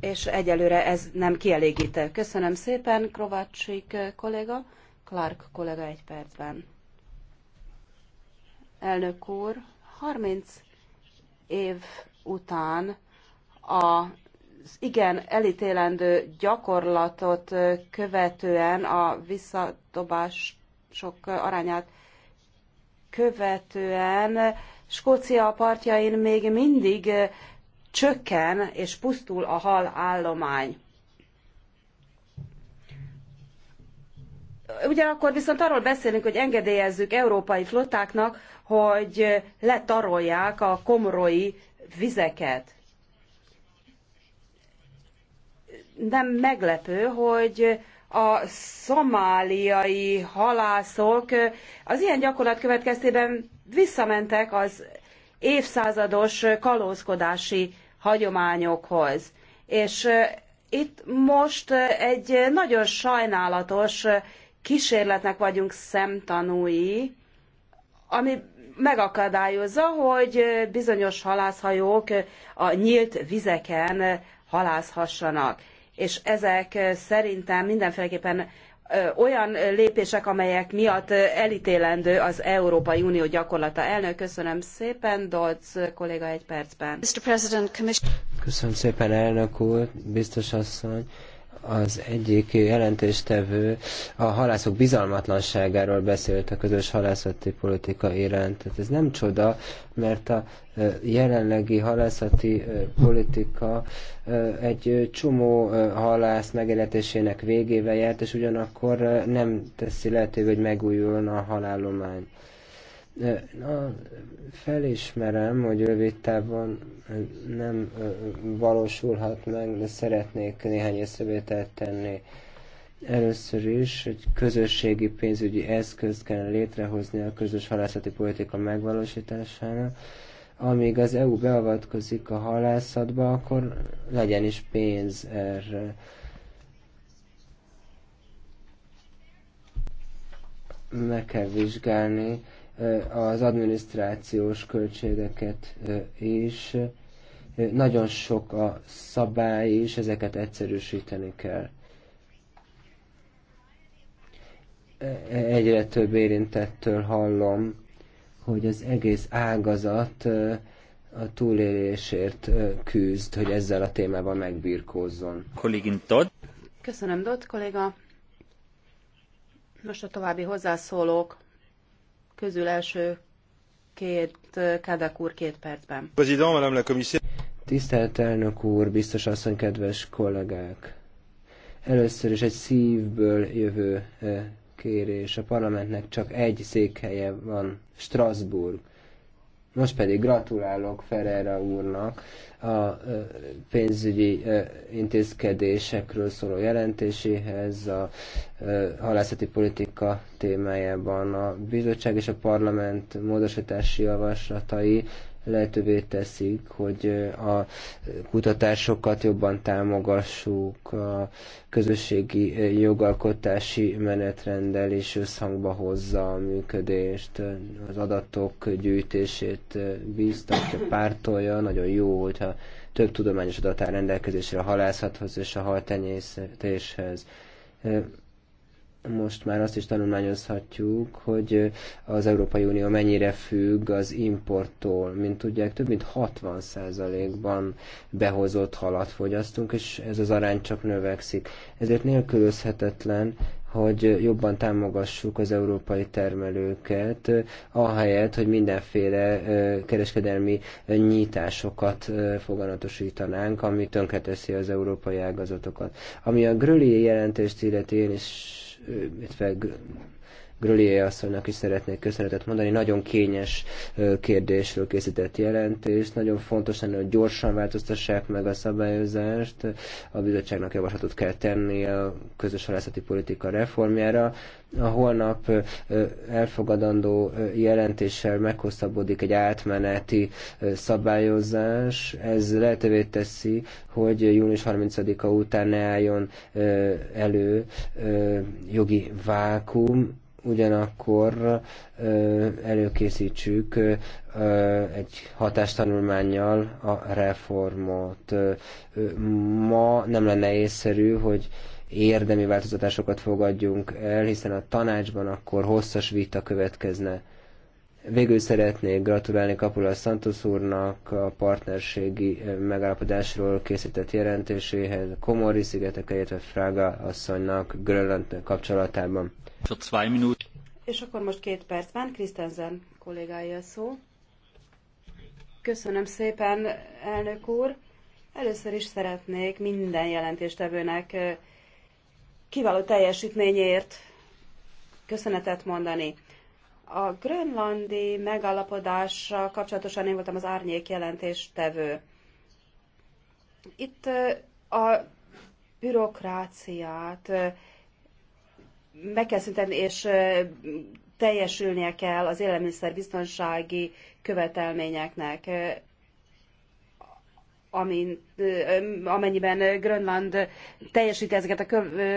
és egyelőre ez nem kielégítő. Köszönöm szépen, Krovácsik kollega, Clark kollega egy percben. Elnök úr, 30 év után a igen elítélendő gyakorlatot követően a visszadobások arányát követően Skócia partjain még mindig csökken és pusztul a hal állomány. Ugyanakkor viszont arról beszélünk, hogy engedélyezzük európai flottáknak, hogy letarolják a komorói vizeket. Nem meglepő, hogy a szomáliai halászok az ilyen gyakorlat következtében visszamentek az évszázados kalózkodási hagyományokhoz. És itt most egy nagyon sajnálatos kísérletnek vagyunk szemtanúi, ami megakadályozza, hogy bizonyos halászhajók a nyílt vizeken halászhassanak. És ezek szerintem mindenféleképpen olyan lépések, amelyek miatt elítélendő az Európai Unió gyakorlata. Elnök, köszönöm szépen, Dodds kolléga egy percben. Köszönöm szépen, elnök úr, biztos asszony az egyik jelentéstevő a halászok bizalmatlanságáról beszélt a közös halászati politika iránt. Tehát ez nem csoda, mert a jelenlegi halászati politika egy csomó halász megéletésének végével járt, és ugyanakkor nem teszi lehetővé, hogy megújuljon a halállomány. Na, felismerem, hogy rövid távon nem valósulhat meg, de szeretnék néhány észrevételt tenni. Először is hogy közösségi pénzügyi eszközt kell létrehozni a közös halászati politika megvalósítására. Amíg az EU beavatkozik a halászatba, akkor legyen is pénz erre. Meg kell vizsgálni, Eh, az adminisztrációs költségeket is. Eh, eh, nagyon sok a szabály, és ezeket egyszerűsíteni kell. Egyre több érintettől hallom, hogy az egész ágazat a túlélésért küzd, hogy ezzel a témával megbirkózzon. Kollégin Todd. Köszönöm, Dott kolléga. Most a további hozzászólók közül első két, Kádák úr két percben. Tisztelt elnök úr, biztos asszony, kedves kollégák! Először is egy szívből jövő eh, kérés. A parlamentnek csak egy székhelye van, Strasbourg. Most pedig gratulálok Ferreira úrnak a pénzügyi intézkedésekről szóló jelentéséhez, a halászati politika témájában a bizottság és a parlament módosítási javaslatai lehetővé teszik, hogy a kutatásokat jobban támogassuk, a közösségi jogalkotási menetrendel is összhangba hozza a működést, az adatok gyűjtését bíztatja, pártolja, nagyon jó, hogyha több tudományos adat áll rendelkezésre a halászathoz és a haltenyésztéshez most már azt is tanulmányozhatjuk, hogy az Európai Unió mennyire függ az importtól. Mint tudják, több mint 60%-ban behozott halat fogyasztunk, és ez az arány csak növekszik. Ezért nélkülözhetetlen, hogy jobban támogassuk az európai termelőket, ahelyett, hogy mindenféle kereskedelmi nyitásokat foganatosítanánk, ami tönkreteszi az európai ágazatokat. Ami a Gröli jelentést illeti, én is illetve Grölié asszonynak is szeretnék köszönetet mondani. Nagyon kényes kérdésről készített jelentést. Nagyon fontos lenne, hogy gyorsan változtassák meg a szabályozást. A bizottságnak javaslatot kell tenni a közös halászati politika reformjára. A holnap elfogadandó jelentéssel meghosszabbodik egy átmeneti szabályozás. Ez lehetővé teszi, hogy június 30-a után ne álljon elő jogi vákum, ugyanakkor előkészítsük egy hatástanulmányjal a reformot. Ma nem lenne észszerű, hogy érdemi változtatásokat fogadjunk el, hiszen a tanácsban akkor hosszas vita következne. Végül szeretnék gratulálni Kapula Santos úrnak a partnerségi megállapodásról készített jelentéséhez, Komori szigetek, illetve Fraga asszonynak Grönland kapcsolatában. És akkor most két percben Krisztenzen kollégája szó. Köszönöm szépen, elnök úr. Először is szeretnék minden jelentéstevőnek kiváló teljesítményért köszönetet mondani. A grönlandi megállapodásra kapcsolatosan én voltam az árnyék jelentéstevő. Itt a bürokráciát meg kell szüntetni, és teljesülnie kell az élelmiszerbiztonsági követelményeknek, amin, amennyiben Grönland teljesíti ezeket a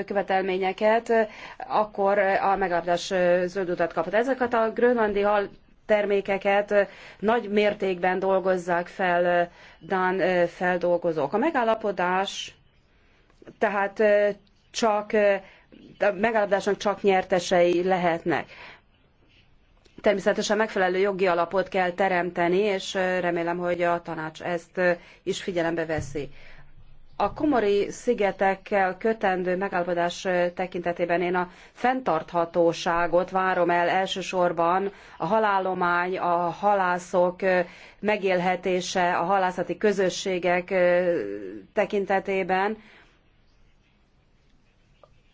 követelményeket, akkor a megállapodás zöld utat kaphat. Ezeket a grönlandi hal termékeket nagy mértékben dolgozzák fel Dán feldolgozók. A megállapodás tehát csak a megállapodásnak csak nyertesei lehetnek. Természetesen megfelelő jogi alapot kell teremteni, és remélem, hogy a tanács ezt is figyelembe veszi. A komori szigetekkel kötendő megállapodás tekintetében én a fenntarthatóságot várom el elsősorban a halállomány, a halászok megélhetése, a halászati közösségek tekintetében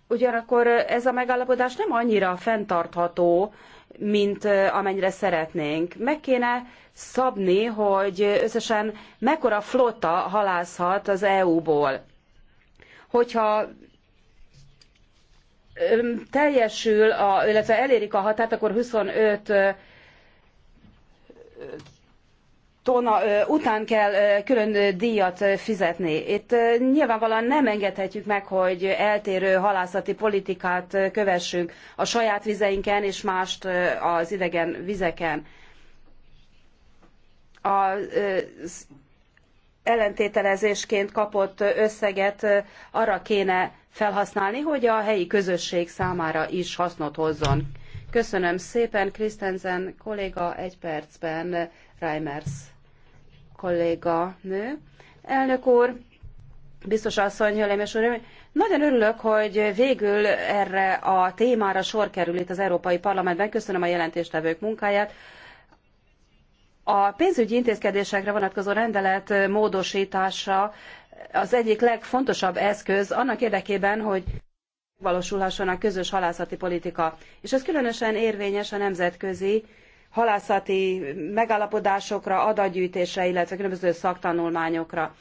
Ugyanakkor ez a megállapodás nem annyira fenntartható, mint amennyire szeretnénk. Meg kéne szabni, hogy összesen mekkora flotta halászhat az EU-ból. Hogyha teljesül, a, illetve elérik a határt, akkor 25 tonna után kell külön díjat fizetni. Itt nyilvánvalóan nem engedhetjük meg, hogy eltérő halászati politikát kövessünk a saját vizeinken és mást az idegen vizeken. Az ellentételezésként kapott összeget arra kéne felhasználni, hogy a helyi közösség számára is hasznot hozzon. Köszönöm szépen, Krisztenzen kolléga egy percben, Reimers kolléga nő. Elnök úr, biztos asszony, hölgyeim és uraim, nagyon örülök, hogy végül erre a témára sor kerül itt az Európai Parlamentben. Köszönöm a jelentéstevők munkáját. A pénzügyi intézkedésekre vonatkozó rendelet módosítása az egyik legfontosabb eszköz annak érdekében, hogy megvalósulhasson a közös halászati politika. És ez különösen érvényes a nemzetközi halászati megállapodásokra, adatgyűjtésre, illetve különböző szaktanulmányokra.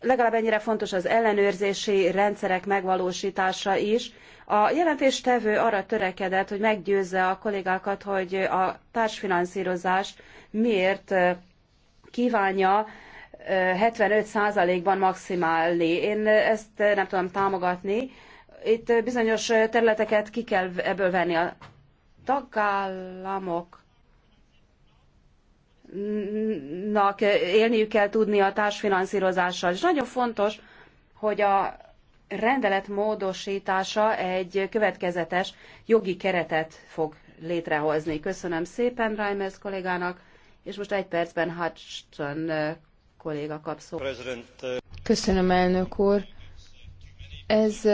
Legalább ennyire fontos az ellenőrzési rendszerek megvalósítása is. A jelentéstevő arra törekedett, hogy meggyőzze a kollégákat, hogy a társfinanszírozás miért kívánja 75%-ban maximálni. Én ezt nem tudom támogatni. Itt bizonyos területeket ki kell ebből venni a tagállamok élniük kell tudni a társfinanszírozással. És nagyon fontos, hogy a rendelet módosítása egy következetes jogi keretet fog létrehozni. Köszönöm szépen Reimers kollégának, és most egy percben Hudson kolléga kap szót. Uh, Köszönöm, elnök úr. Ez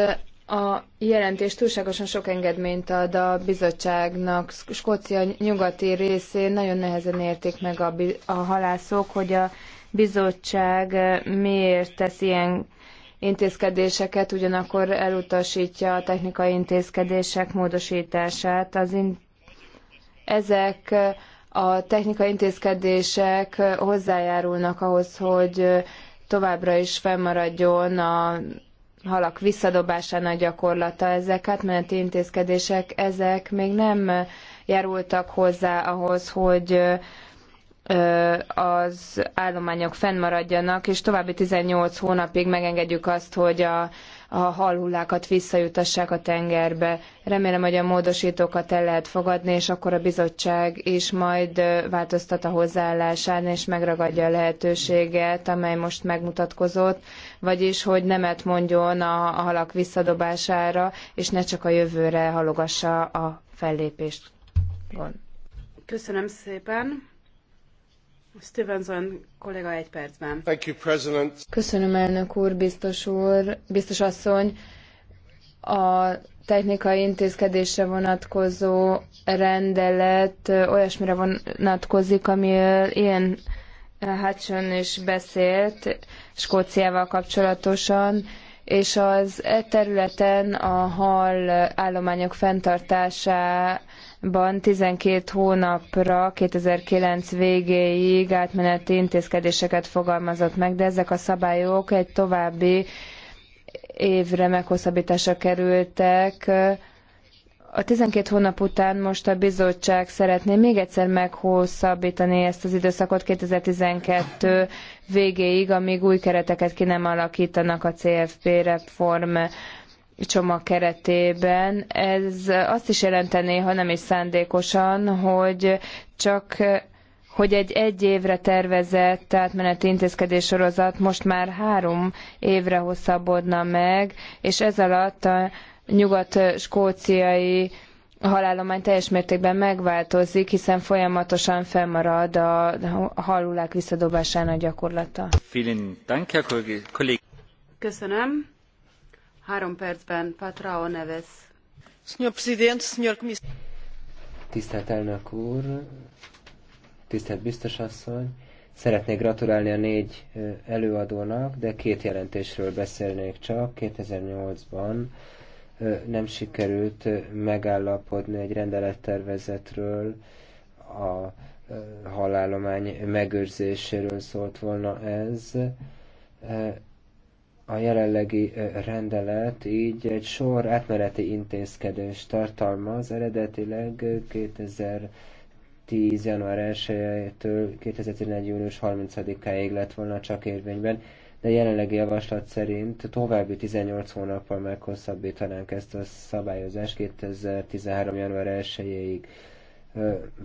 a jelentés túlságosan sok engedményt ad a bizottságnak. Skócia nyugati részén nagyon nehezen érték meg a, a halászok, hogy a bizottság eh, miért tesz ilyen intézkedéseket, ugyanakkor elutasítja a technikai intézkedések módosítását. Az in- ezek eh, a technikai intézkedések eh, hozzájárulnak ahhoz, hogy továbbra is fennmaradjon a halak visszadobásának gyakorlata, ezek átmeneti intézkedések, ezek még nem járultak hozzá ahhoz, hogy az állományok fennmaradjanak, és további 18 hónapig megengedjük azt, hogy a, a halhullákat visszajutassák a tengerbe. Remélem, hogy a módosítókat el lehet fogadni, és akkor a bizottság is majd változtat a hozzáállásán, és megragadja a lehetőséget, amely most megmutatkozott, vagyis, hogy nemet mondjon a, a halak visszadobására, és ne csak a jövőre halogassa a fellépést. Köszönöm szépen. Stevenson kollega egy percben. Thank you, President. Köszönöm, elnök úr, biztos úr, biztos asszony. A technikai intézkedésre vonatkozó rendelet olyasmire vonatkozik, amiről ilyen Hudson is beszélt Skóciával kapcsolatosan, és az e területen a hal állományok fenntartására ban 12 hónapra 2009 végéig átmeneti intézkedéseket fogalmazott meg, de ezek a szabályok egy további évre meghosszabbításra kerültek. A 12 hónap után most a bizottság szeretné még egyszer meghosszabbítani ezt az időszakot 2012 végéig, amíg új kereteket ki nem alakítanak a CFP reform csomag keretében. Ez azt is jelentené, ha nem is szándékosan, hogy csak hogy egy egy évre tervezett átmeneti intézkedés sorozat most már három évre hosszabbodna meg, és ez alatt a nyugat-skóciai halállomány teljes mértékben megváltozik, hiszen folyamatosan fennmarad a halulák visszadobásának gyakorlata. Köszönöm. Tisztelt elnök úr, tisztelt biztos asszony, szeretnék gratulálni a négy előadónak, de két jelentésről beszélnék csak. 2008-ban nem sikerült megállapodni egy rendelettervezetről, a halálomány megőrzéséről szólt volna ez a jelenlegi rendelet így egy sor átmeneti intézkedést tartalmaz, eredetileg 2010. január 1-től 2011. június 30-áig lett volna csak érvényben, de jelenlegi javaslat szerint további 18 hónappal meghosszabbítanánk ezt a szabályozást 2013. január 1-ig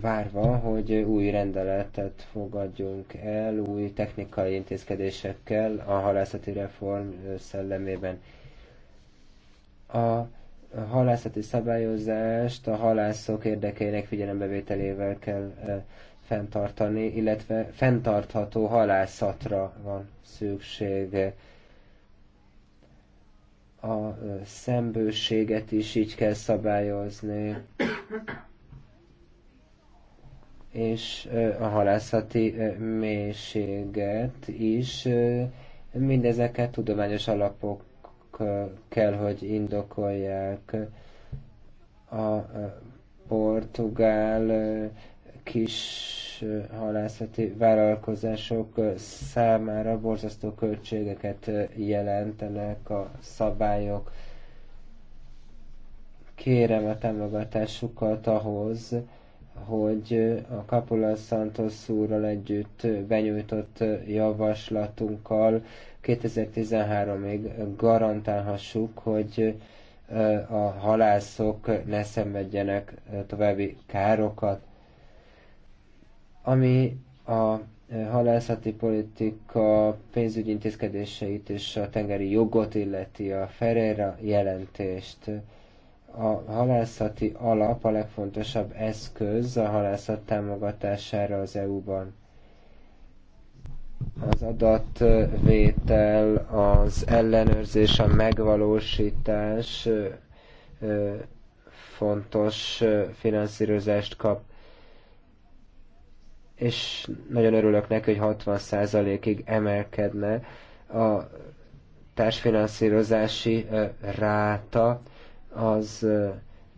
várva, hogy új rendeletet fogadjunk el, új technikai intézkedésekkel a halászati reform szellemében. A halászati szabályozást a halászok érdekeinek figyelembevételével kell fenntartani, illetve fenntartható halászatra van szükség a szembőséget is így kell szabályozni és a halászati mélységet is. Mindezeket tudományos alapok kell, hogy indokolják. A portugál kis halászati vállalkozások számára borzasztó költségeket jelentenek a szabályok. Kérem a támogatásukat ahhoz, hogy a Capula Santos úrral együtt benyújtott javaslatunkkal 2013-ig garantálhassuk, hogy a halászok ne szenvedjenek további károkat. Ami a halászati politika pénzügyi intézkedéseit és a tengeri jogot illeti a Ferreira jelentést. A halászati alap a legfontosabb eszköz a halászat támogatására az EU-ban. Az adatvétel, az ellenőrzés, a megvalósítás fontos finanszírozást kap és nagyon örülök neki, hogy 60%-ig emelkedne a társfinanszírozási ráta az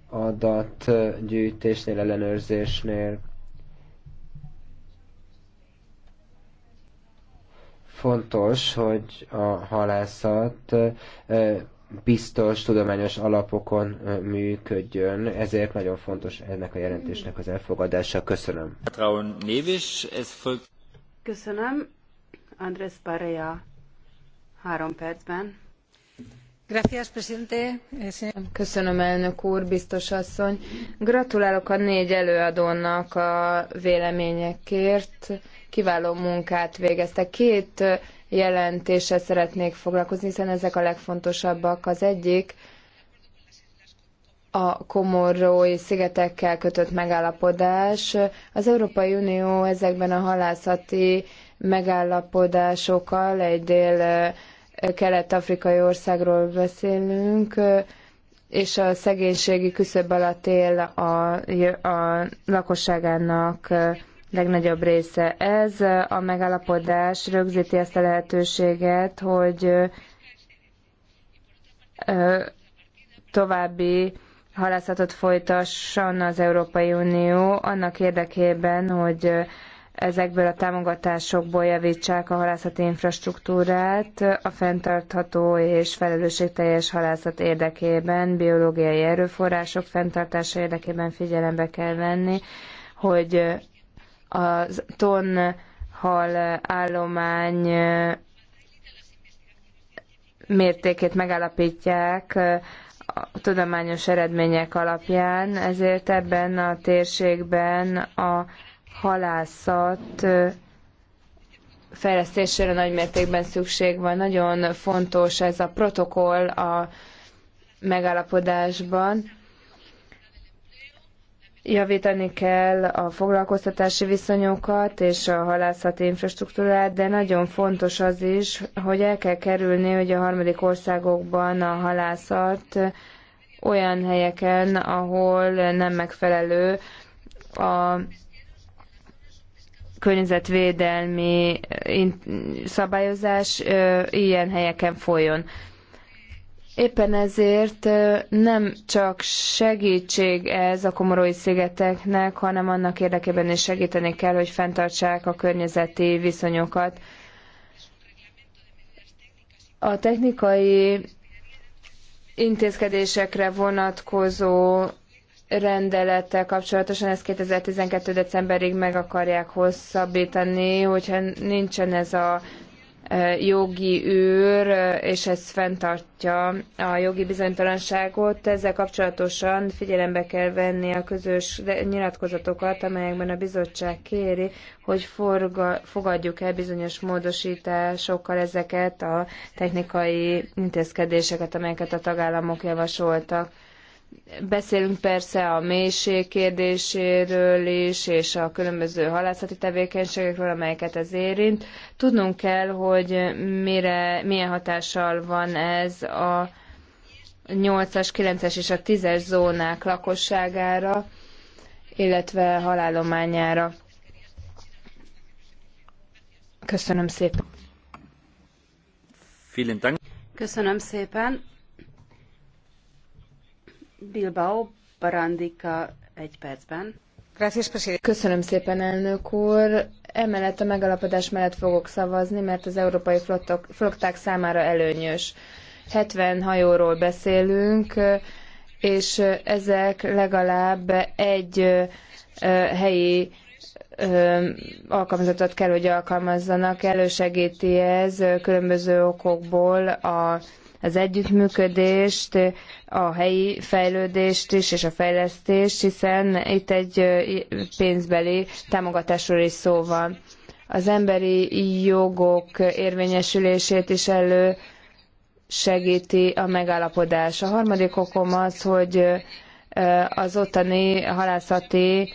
adatgyűjtésnél, ellenőrzésnél. Fontos, hogy a halászat biztos, tudományos alapokon működjön, ezért nagyon fontos ennek a jelentésnek az elfogadása. Köszönöm. Köszönöm. Andrés Barea három percben. Eh, Köszönöm, elnök biztos asszony. Gratulálok a négy előadónak a véleményekért. Kiváló munkát végeztek. Két jelentéssel szeretnék foglalkozni, hiszen ezek a legfontosabbak. Az egyik a komorói szigetekkel kötött megállapodás. Az Európai Unió ezekben a halászati megállapodásokkal egy dél kelet-afrikai országról beszélünk, és a szegénységi küszöb alatt él a, a lakosságának legnagyobb része. Ez a megállapodás rögzíti ezt a lehetőséget, hogy további halászatot folytasson az Európai Unió annak érdekében, hogy ezekből a támogatásokból javítsák a halászati infrastruktúrát a fenntartható és felelősségteljes halászat érdekében, biológiai erőforrások fenntartása érdekében figyelembe kell venni, hogy a ton hal állomány mértékét megállapítják a tudományos eredmények alapján, ezért ebben a térségben a halászat fejlesztésére nagymértékben szükség van. Nagyon fontos ez a protokoll a megállapodásban. Javítani kell a foglalkoztatási viszonyokat és a halászati infrastruktúrát, de nagyon fontos az is, hogy el kell kerülni, hogy a harmadik országokban a halászat olyan helyeken, ahol nem megfelelő a környezetvédelmi eh, szabályozás eh, ilyen helyeken folyjon. Éppen ezért eh, nem csak segítség ez a komorói szigeteknek, hanem annak érdekében is segíteni kell, hogy fenntartsák a környezeti viszonyokat. A technikai intézkedésekre vonatkozó rendelettel kapcsolatosan ezt 2012. decemberig meg akarják hosszabbítani, hogyha nincsen ez a e, jogi űr, e, és ez fenntartja a jogi bizonytalanságot. Ezzel kapcsolatosan figyelembe kell venni a közös nyilatkozatokat, amelyekben a bizottság kéri, hogy forga, fogadjuk el bizonyos módosításokkal ezeket a technikai intézkedéseket, amelyeket a tagállamok javasoltak Beszélünk persze a mélység kérdéséről is, és a különböző halászati tevékenységekről, amelyeket ez érint. Tudnunk kell, hogy mire, milyen hatással van ez a 8-as, 9-es és a 10-es zónák lakosságára, illetve halálományára. Köszönöm szépen. Köszönöm szépen. Bilbao Barandika egy percben. Köszönöm szépen, elnök úr. Emellett a megalapodás mellett fogok szavazni, mert az európai flottok, flották számára előnyös. 70 hajóról beszélünk, és ezek legalább egy helyi alkalmazottat kell, hogy alkalmazzanak. Elősegíti ez különböző okokból a az együttműködést, a helyi fejlődést is, és a fejlesztést, hiszen itt egy pénzbeli támogatásról is szó van. Az emberi jogok érvényesülését is elő segíti a megállapodás. A harmadik okom az, hogy az ottani halászati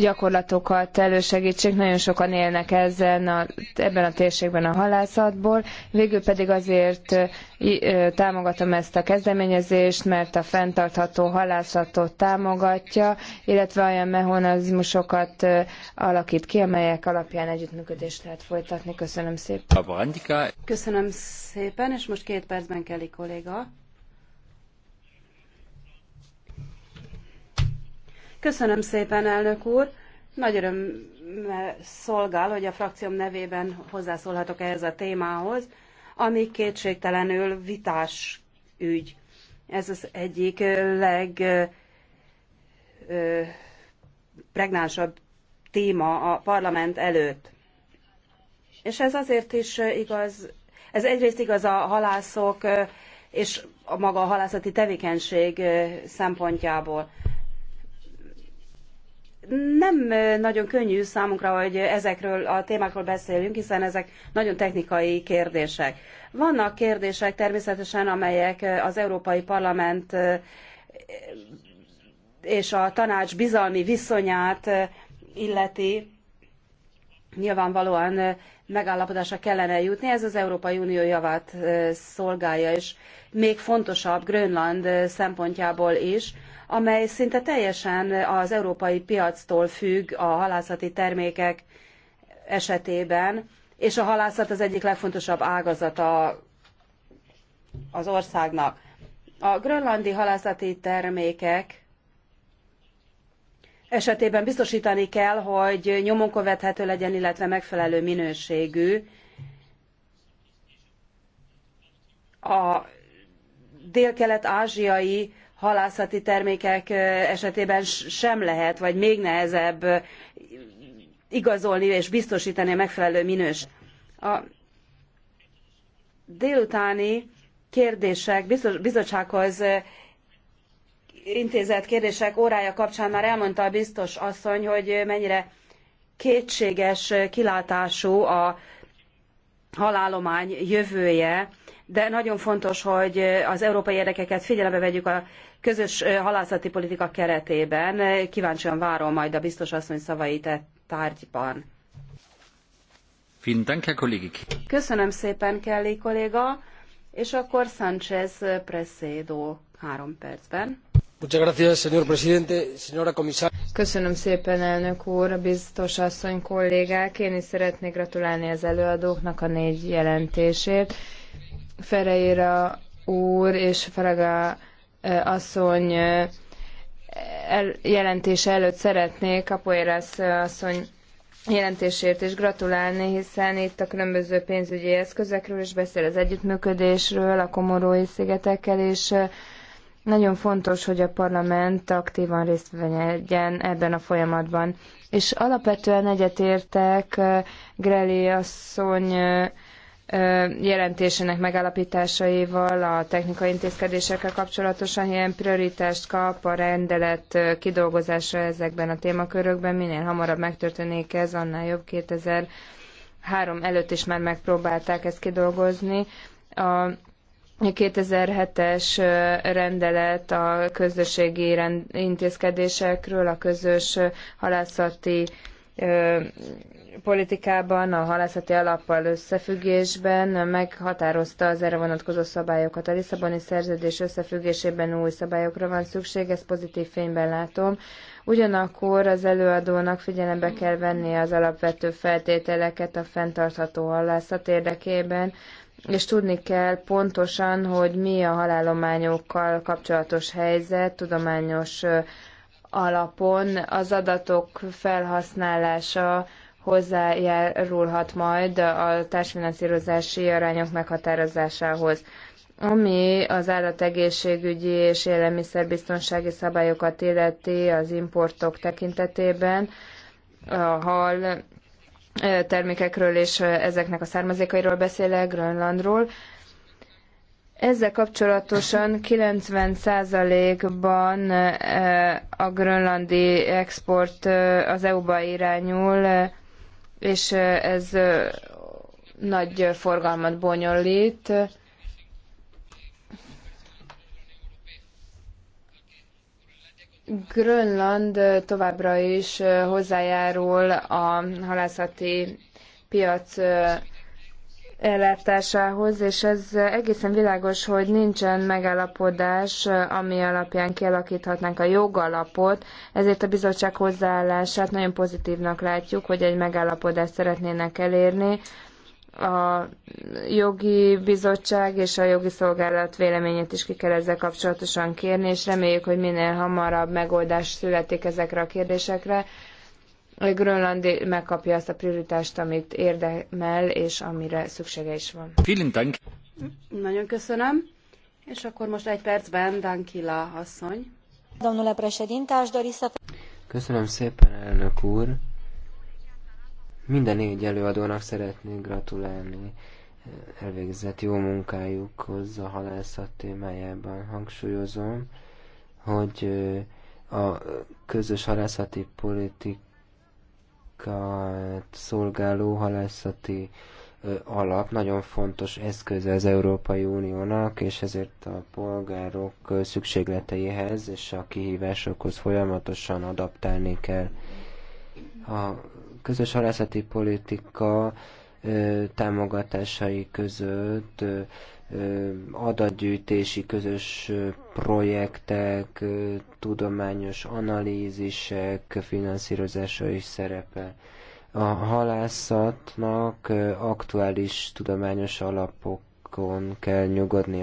gyakorlatokat elősegítsék, nagyon sokan élnek ezen a, ebben a térségben a halászatból. Végül pedig azért támogatom ezt a kezdeményezést, mert a fenntartható halászatot támogatja, illetve olyan mechanizmusokat alakít ki, amelyek alapján együttműködést lehet folytatni. Köszönöm szépen. Köszönöm szépen, és most két percben Kelly kolléga. Köszönöm szépen, elnök úr. Nagy öröm szolgál, hogy a frakcióm nevében hozzászólhatok ehhez a témához, ami kétségtelenül vitás ügy. Ez az egyik leg pregnánsabb téma a parlament előtt. És ez azért is igaz, ez egyrészt igaz a halászok és a maga a halászati tevékenység szempontjából nem nagyon könnyű számunkra, hogy ezekről a témákról beszélünk, hiszen ezek nagyon technikai kérdések. Vannak kérdések természetesen, amelyek az Európai Parlament és a tanács bizalmi viszonyát illeti. Nyilvánvalóan megállapodásra kellene jutni, ez az Európai Unió javát szolgálja, és még fontosabb Grönland szempontjából is, amely szinte teljesen az európai piactól függ a halászati termékek esetében, és a halászat az egyik legfontosabb ágazata az országnak. A grönlandi halászati termékek esetében biztosítani kell, hogy nyomon követhető legyen, illetve megfelelő minőségű. A dél-kelet-ázsiai halászati termékek esetében sem lehet, vagy még nehezebb igazolni és biztosítani a megfelelő minőséget. A délutáni kérdések, bizottsághoz intézett kérdések órája kapcsán már elmondta a biztos asszony, hogy mennyire kétséges kilátású a halálomány jövője, de nagyon fontos, hogy az európai érdekeket figyelembe vegyük a közös halászati politika keretében. kváncsian várom majd a biztos asszony szavait e tárgyban. Köszönöm szépen, Kelly kolléga, és akkor Sánchez Presedo három percben. Köszönöm szépen, elnök úr, biztos asszony kollégák. Én is szeretnék gratulálni az előadóknak a négy jelentését Ferreira úr és Fraga asszony jelentése előtt szeretnék Apoérász asszony jelentésért is gratulálni, hiszen itt a különböző pénzügyi eszközekről is beszél az együttműködésről, a komorói szigetekkel, és nagyon fontos, hogy a parlament aktívan részt vegyen ebben a folyamatban. És alapvetően egyetértek Greli asszony jelentésének megállapításaival, a technikai intézkedésekkel kapcsolatosan ilyen prioritást kap a rendelet kidolgozása ezekben a témakörökben. Minél hamarabb megtörténik ez, annál jobb 2003 előtt is már megpróbálták ezt kidolgozni. A 2007-es rendelet a közösségi intézkedésekről, a közös halászati politikában, a halászati alappal összefüggésben meghatározta az erre vonatkozó szabályokat. A Lisszaboni szerződés összefüggésében új szabályokra van szükség, ezt pozitív fényben látom. Ugyanakkor az előadónak figyelembe kell vennie az alapvető feltételeket a fenntartható halászat érdekében, és tudni kell pontosan, hogy mi a halálományokkal kapcsolatos helyzet, tudományos alapon az adatok felhasználása hozzájárulhat majd a társfinanszírozási arányok meghatározásához. Ami az állategészségügyi és élelmiszerbiztonsági szabályokat illeti az importok tekintetében, a hal eh, termékekről és eh, ezeknek a származékairól beszélek, Grönlandról. Ezzel kapcsolatosan 90%-ban eh, a grönlandi export eh, az EU-ba irányul, eh, és ez nagy forgalmat bonyolít. Grönland továbbra is hozzájárul a halászati piac ellátásához, és ez egészen világos, hogy nincsen megállapodás, ami alapján kialakíthatnánk a jogalapot, ezért a bizottság hozzáállását nagyon pozitívnak látjuk, hogy egy megállapodást szeretnének elérni. A jogi bizottság és a jogi szolgálat véleményét is ki kell ezzel kapcsolatosan kérni, és reméljük, hogy minél hamarabb megoldás születik ezekre a kérdésekre hogy Grönland megkapja azt a prioritást, amit érdemel, és amire szüksége is van. Nagyon köszönöm. És akkor most egy percben Dankila asszony. Köszönöm szépen, elnök úr. Minden négy előadónak szeretnék gratulálni elvégzett jó munkájukhoz a halászat témájában. Hangsúlyozom, hogy a közös halászati politika szolgáló halászati alap nagyon fontos eszköze az Európai Uniónak, és ezért a polgárok szükségleteihez és a kihívásokhoz folyamatosan adaptálni kell. A közös halászati politika támogatásai között adatgyűjtési közös projektek, tudományos analízisek finanszírozása is szerepel. A halászatnak aktuális tudományos alapokon kell nyugodni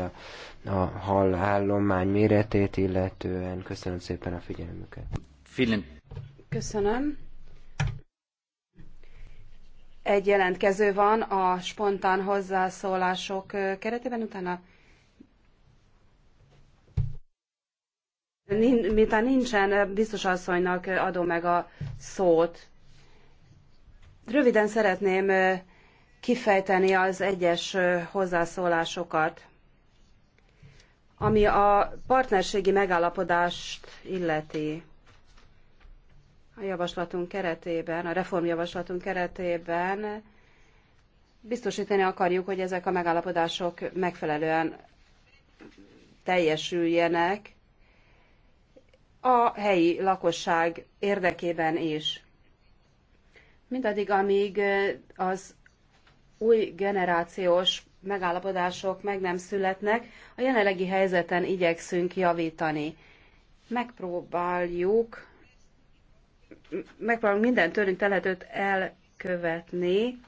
a hal állomány méretét illetően. Köszönöm szépen a figyelmüket. Köszönöm egy jelentkező van a spontán hozzászólások keretében, utána miután nincsen, biztos asszonynak adom meg a szót. Röviden szeretném kifejteni az egyes hozzászólásokat. Ami a partnerségi megállapodást illeti, a javaslatunk keretében, a reformjavaslatunk keretében biztosítani akarjuk, hogy ezek a megállapodások megfelelően teljesüljenek a helyi lakosság érdekében is. Mindaddig, amíg az új generációs megállapodások meg nem születnek, a jelenlegi helyzeten igyekszünk javítani. Megpróbáljuk megpróbálunk minden törvénytelhetőt telhetőt elkövetni,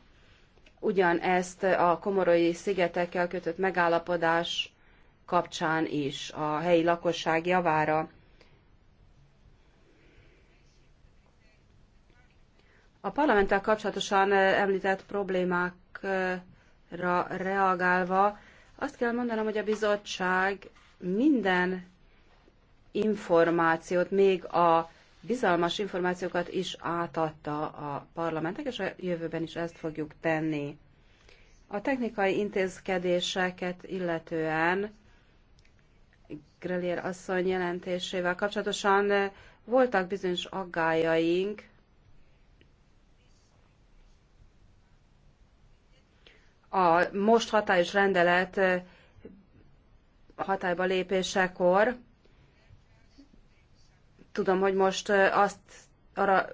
ugyanezt a komorói szigetekkel kötött megállapodás kapcsán is a helyi lakosság javára. A parlamenttel kapcsolatosan említett problémákra reagálva azt kell mondanom, hogy a bizottság minden információt, még a bizalmas információkat is átadta a parlamentnek, és a jövőben is ezt fogjuk tenni. A technikai intézkedéseket illetően Grelier asszony jelentésével kapcsolatosan voltak bizonyos aggájaink, a most hatályos rendelet hatályba lépésekor, Tudom, hogy most azt arra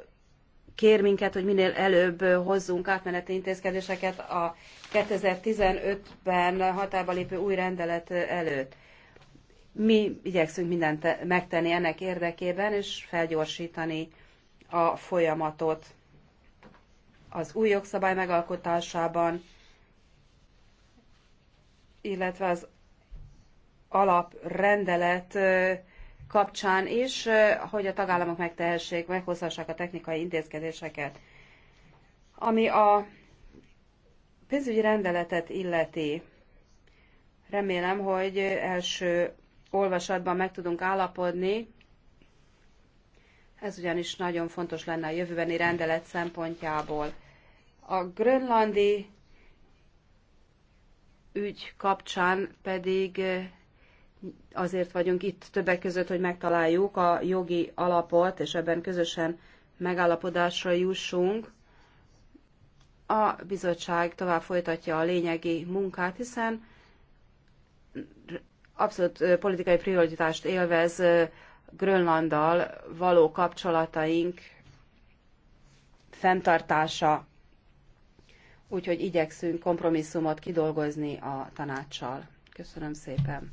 kér minket, hogy minél előbb hozzunk átmeneti intézkedéseket a 2015-ben hatába lépő új rendelet előtt. Mi igyekszünk mindent megtenni ennek érdekében, és felgyorsítani a folyamatot az új jogszabály megalkotásában, illetve az alaprendelet kapcsán is, hogy a tagállamok megtehessék, meghozhassák a technikai intézkedéseket. Ami a pénzügyi rendeletet illeti, remélem, hogy első olvasatban meg tudunk állapodni. Ez ugyanis nagyon fontos lenne a jövőbeni rendelet szempontjából. A grönlandi ügy kapcsán pedig azért vagyunk itt többek között, hogy megtaláljuk a jogi alapot, és ebben közösen megállapodásra jussunk. A bizottság tovább folytatja a lényegi munkát, hiszen abszolút politikai prioritást élvez Grönlanddal való kapcsolataink fenntartása, úgyhogy igyekszünk kompromisszumot kidolgozni a tanácssal. Köszönöm szépen!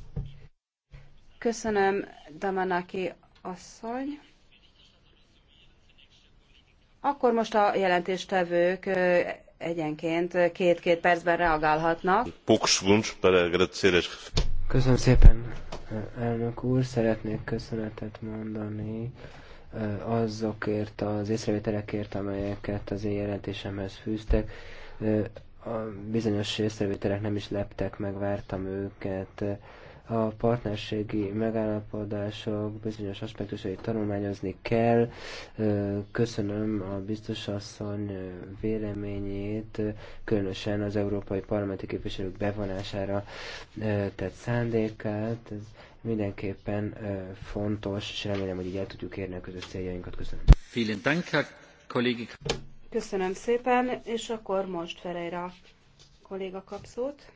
Köszönöm, Damanaki asszony. Akkor most a jelentéstevők egyenként két-két percben reagálhatnak. Köszönöm szépen, elnök úr. Szeretnék köszönetet mondani azokért az észrevételekért, amelyeket az én jelentésemhez fűztek. A bizonyos észrevételek nem is leptek meg, vártam őket a partnerségi megállapodások bizonyos aspektusait tanulmányozni kell. Köszönöm a biztos asszony véleményét, különösen az európai parlamenti képviselők bevonására tett szándékát. Ez mindenképpen fontos, és remélem, hogy így el tudjuk érni a közös céljainkat. Köszönöm. Vielen Köszönöm szépen, és akkor most Ferejra kolléga kap szót.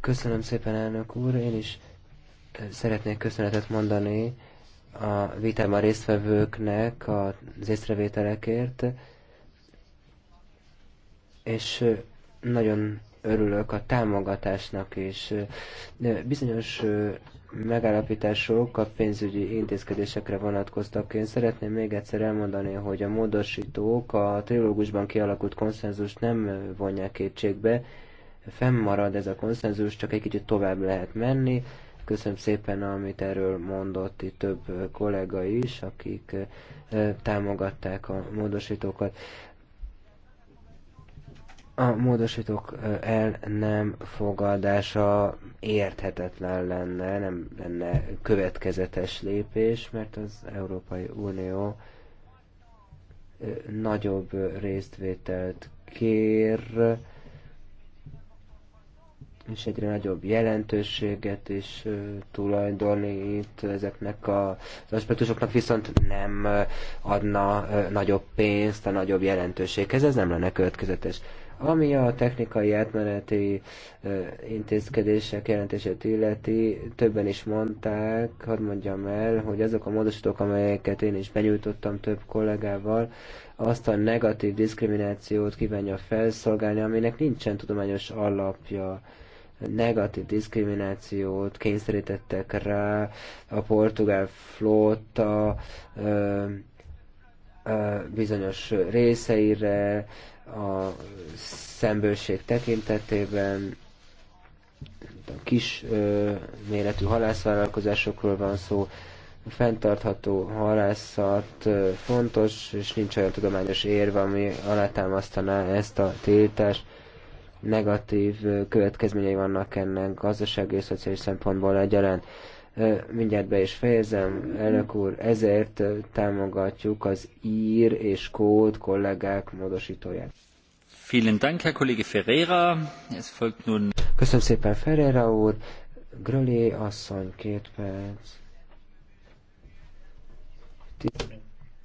Köszönöm szépen, elnök úr. Én is eh, szeretnék köszönetet mondani a vitában résztvevőknek az észrevételekért, és eh, nagyon örülök a támogatásnak is. Eh, bizonyos megállapítások a pénzügyi intézkedésekre vonatkoztak. Én szeretném még egyszer elmondani, hogy a módosítók a trilógusban kialakult konszenzust nem vonják kétségbe. Fennmarad ez a konszenzus, csak egy kicsit tovább lehet menni. Köszönöm szépen, amit erről mondott itt több kollega is, akik eh, támogatták a módosítókat a módosítók el nem fogadása érthetetlen lenne, nem lenne következetes lépés, mert az Európai Unió nagyobb résztvételt kér, és egyre nagyobb jelentőséget is tulajdonít ezeknek az aspektusoknak, viszont nem adna nagyobb pénzt a nagyobb jelentőséghez, ez nem lenne következetes. Ami a technikai átmeneti intézkedések jelentését illeti, többen is mondták, hadd mondjam el, hogy azok a módosítók, amelyeket én is benyújtottam több kollégával, azt a negatív diszkriminációt kívánja felszolgálni, aminek nincsen tudományos alapja negatív diszkriminációt kényszerítettek rá a portugál flotta, bizonyos részeire, a szembőség tekintetében, a kis méretű halászvállalkozásokról van szó, a fenntartható halászat fontos, és nincs olyan tudományos érve, ami alátámasztaná ezt a tiltást. Negatív következményei vannak ennek gazdasági és szociális szempontból egyaránt. Mindjárt be is fejezem, elnök úr, ezért támogatjuk az ír és kód kollégák módosítóját. Vielen Dank, Herr Kollege Ferreira. Es folgt nun... Köszönöm szépen, Ferreira úr. Grölé asszony, két perc. Tisztelt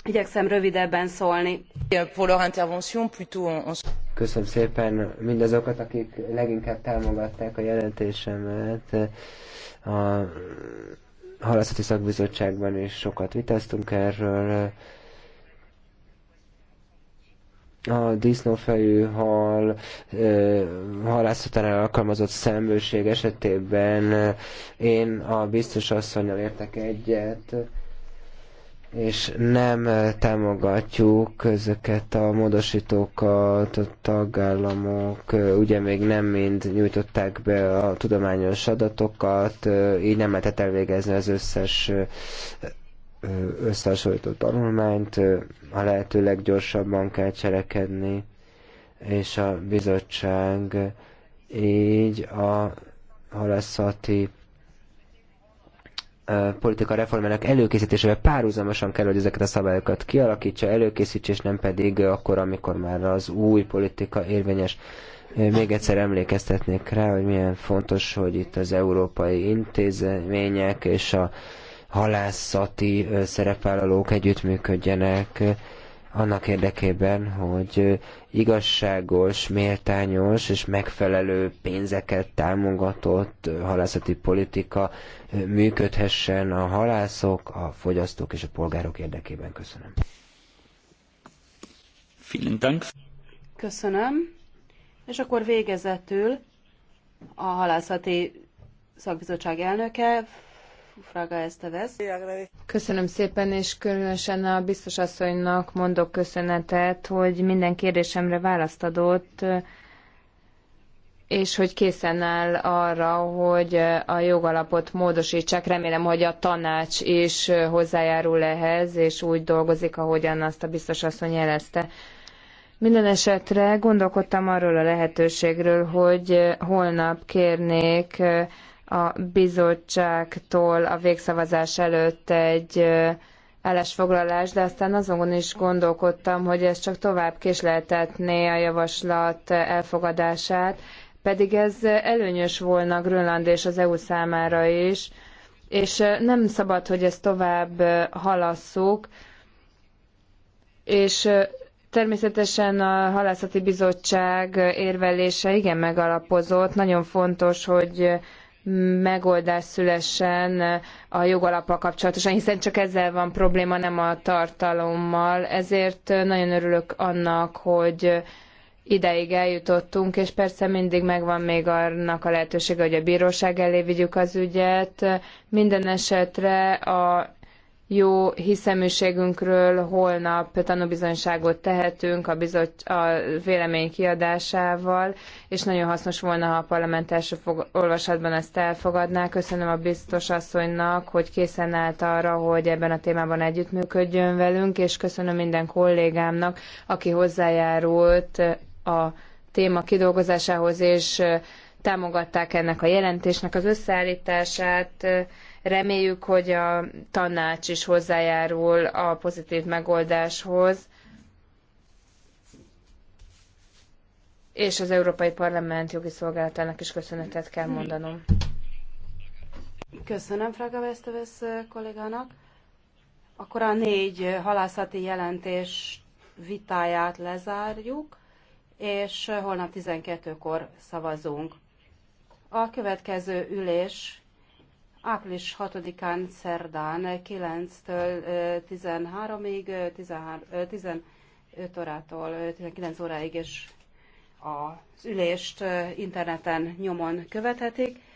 Igyekszem rövidebben szólni. Köszönöm szépen mindazokat, akik leginkább támogatták a jelentésemet. A halászati szakbizottságban is sokat vitáztunk erről. A disznófejű hal halászatára alkalmazott szembőség esetében én a biztos asszonynal értek egyet, és nem eh, támogatjuk ezeket a módosítókat, a tagállamok eh, ugye még nem mind nyújtották be a tudományos adatokat, eh, így nem lehetett elvégezni az összes összehasonlított tanulmányt, a lehető leggyorsabban kell cselekedni, és a bizottság így a halászati politika reformának előkészítésével párhuzamosan kell, hogy ezeket a szabályokat kialakítsa, előkészítés, és nem pedig akkor, amikor már az új politika érvényes. Még egyszer emlékeztetnék rá, hogy milyen fontos, hogy itt az európai intézmények és a halászati szerepvállalók együttműködjenek, annak érdekében, hogy igazságos, méltányos és megfelelő pénzeket támogatott halászati politika működhessen a halászok, a fogyasztók és a polgárok érdekében. Köszönöm. Köszönöm. És akkor végezetül a halászati szakbizottság elnöke, Fraga Esteves. Köszönöm szépen, és különösen a biztos asszonynak mondok köszönetet, hogy minden kérdésemre választ adott, és hogy készen áll arra, hogy a jogalapot módosítsák. Remélem, hogy a tanács is hozzájárul ehhez, és úgy dolgozik, ahogyan azt a biztos asszony jelezte. Minden esetre gondolkodtam arról a lehetőségről, hogy holnap kérnék a bizottságtól a végszavazás előtt egy állásfoglalás, de aztán azon is gondolkodtam, hogy ez csak tovább késleltetné a javaslat elfogadását, pedig ez előnyös volna Grönland és az EU számára is, és nem szabad, hogy ezt tovább halasszuk, és Természetesen a halászati bizottság érvelése igen megalapozott. Nagyon fontos, hogy megoldás szülessen a jogalapal kapcsolatosan, hiszen csak ezzel van probléma, nem a tartalommal. Ezért nagyon örülök annak, hogy ideig eljutottunk, és persze mindig megvan még annak a lehetősége, hogy a bíróság elé vigyük az ügyet. Minden esetre a jó hiszeműségünkről holnap tanúbizonyságot tehetünk a, bizot, a vélemény kiadásával, és nagyon hasznos volna, ha a parlament első fog, olvasatban ezt elfogadná. Köszönöm a biztos asszonynak, hogy készen állt arra, hogy ebben a témában együttműködjön velünk, és köszönöm minden kollégámnak, aki hozzájárult a téma kidolgozásához, és támogatták ennek a jelentésnek az összeállítását. Reméljük, hogy a tanács is hozzájárul a pozitív megoldáshoz, és az Európai Parlament jogi szolgálatának is köszönetet kell mondanom. Köszönöm Fraga Vesztevesz kollégának. Akkor a négy halászati jelentés vitáját lezárjuk, és holnap 12-kor szavazunk. A következő ülés április 6-án szerdán 9-től 13-ig, 15 órától 19 óráig, és az ülést interneten nyomon követhetik.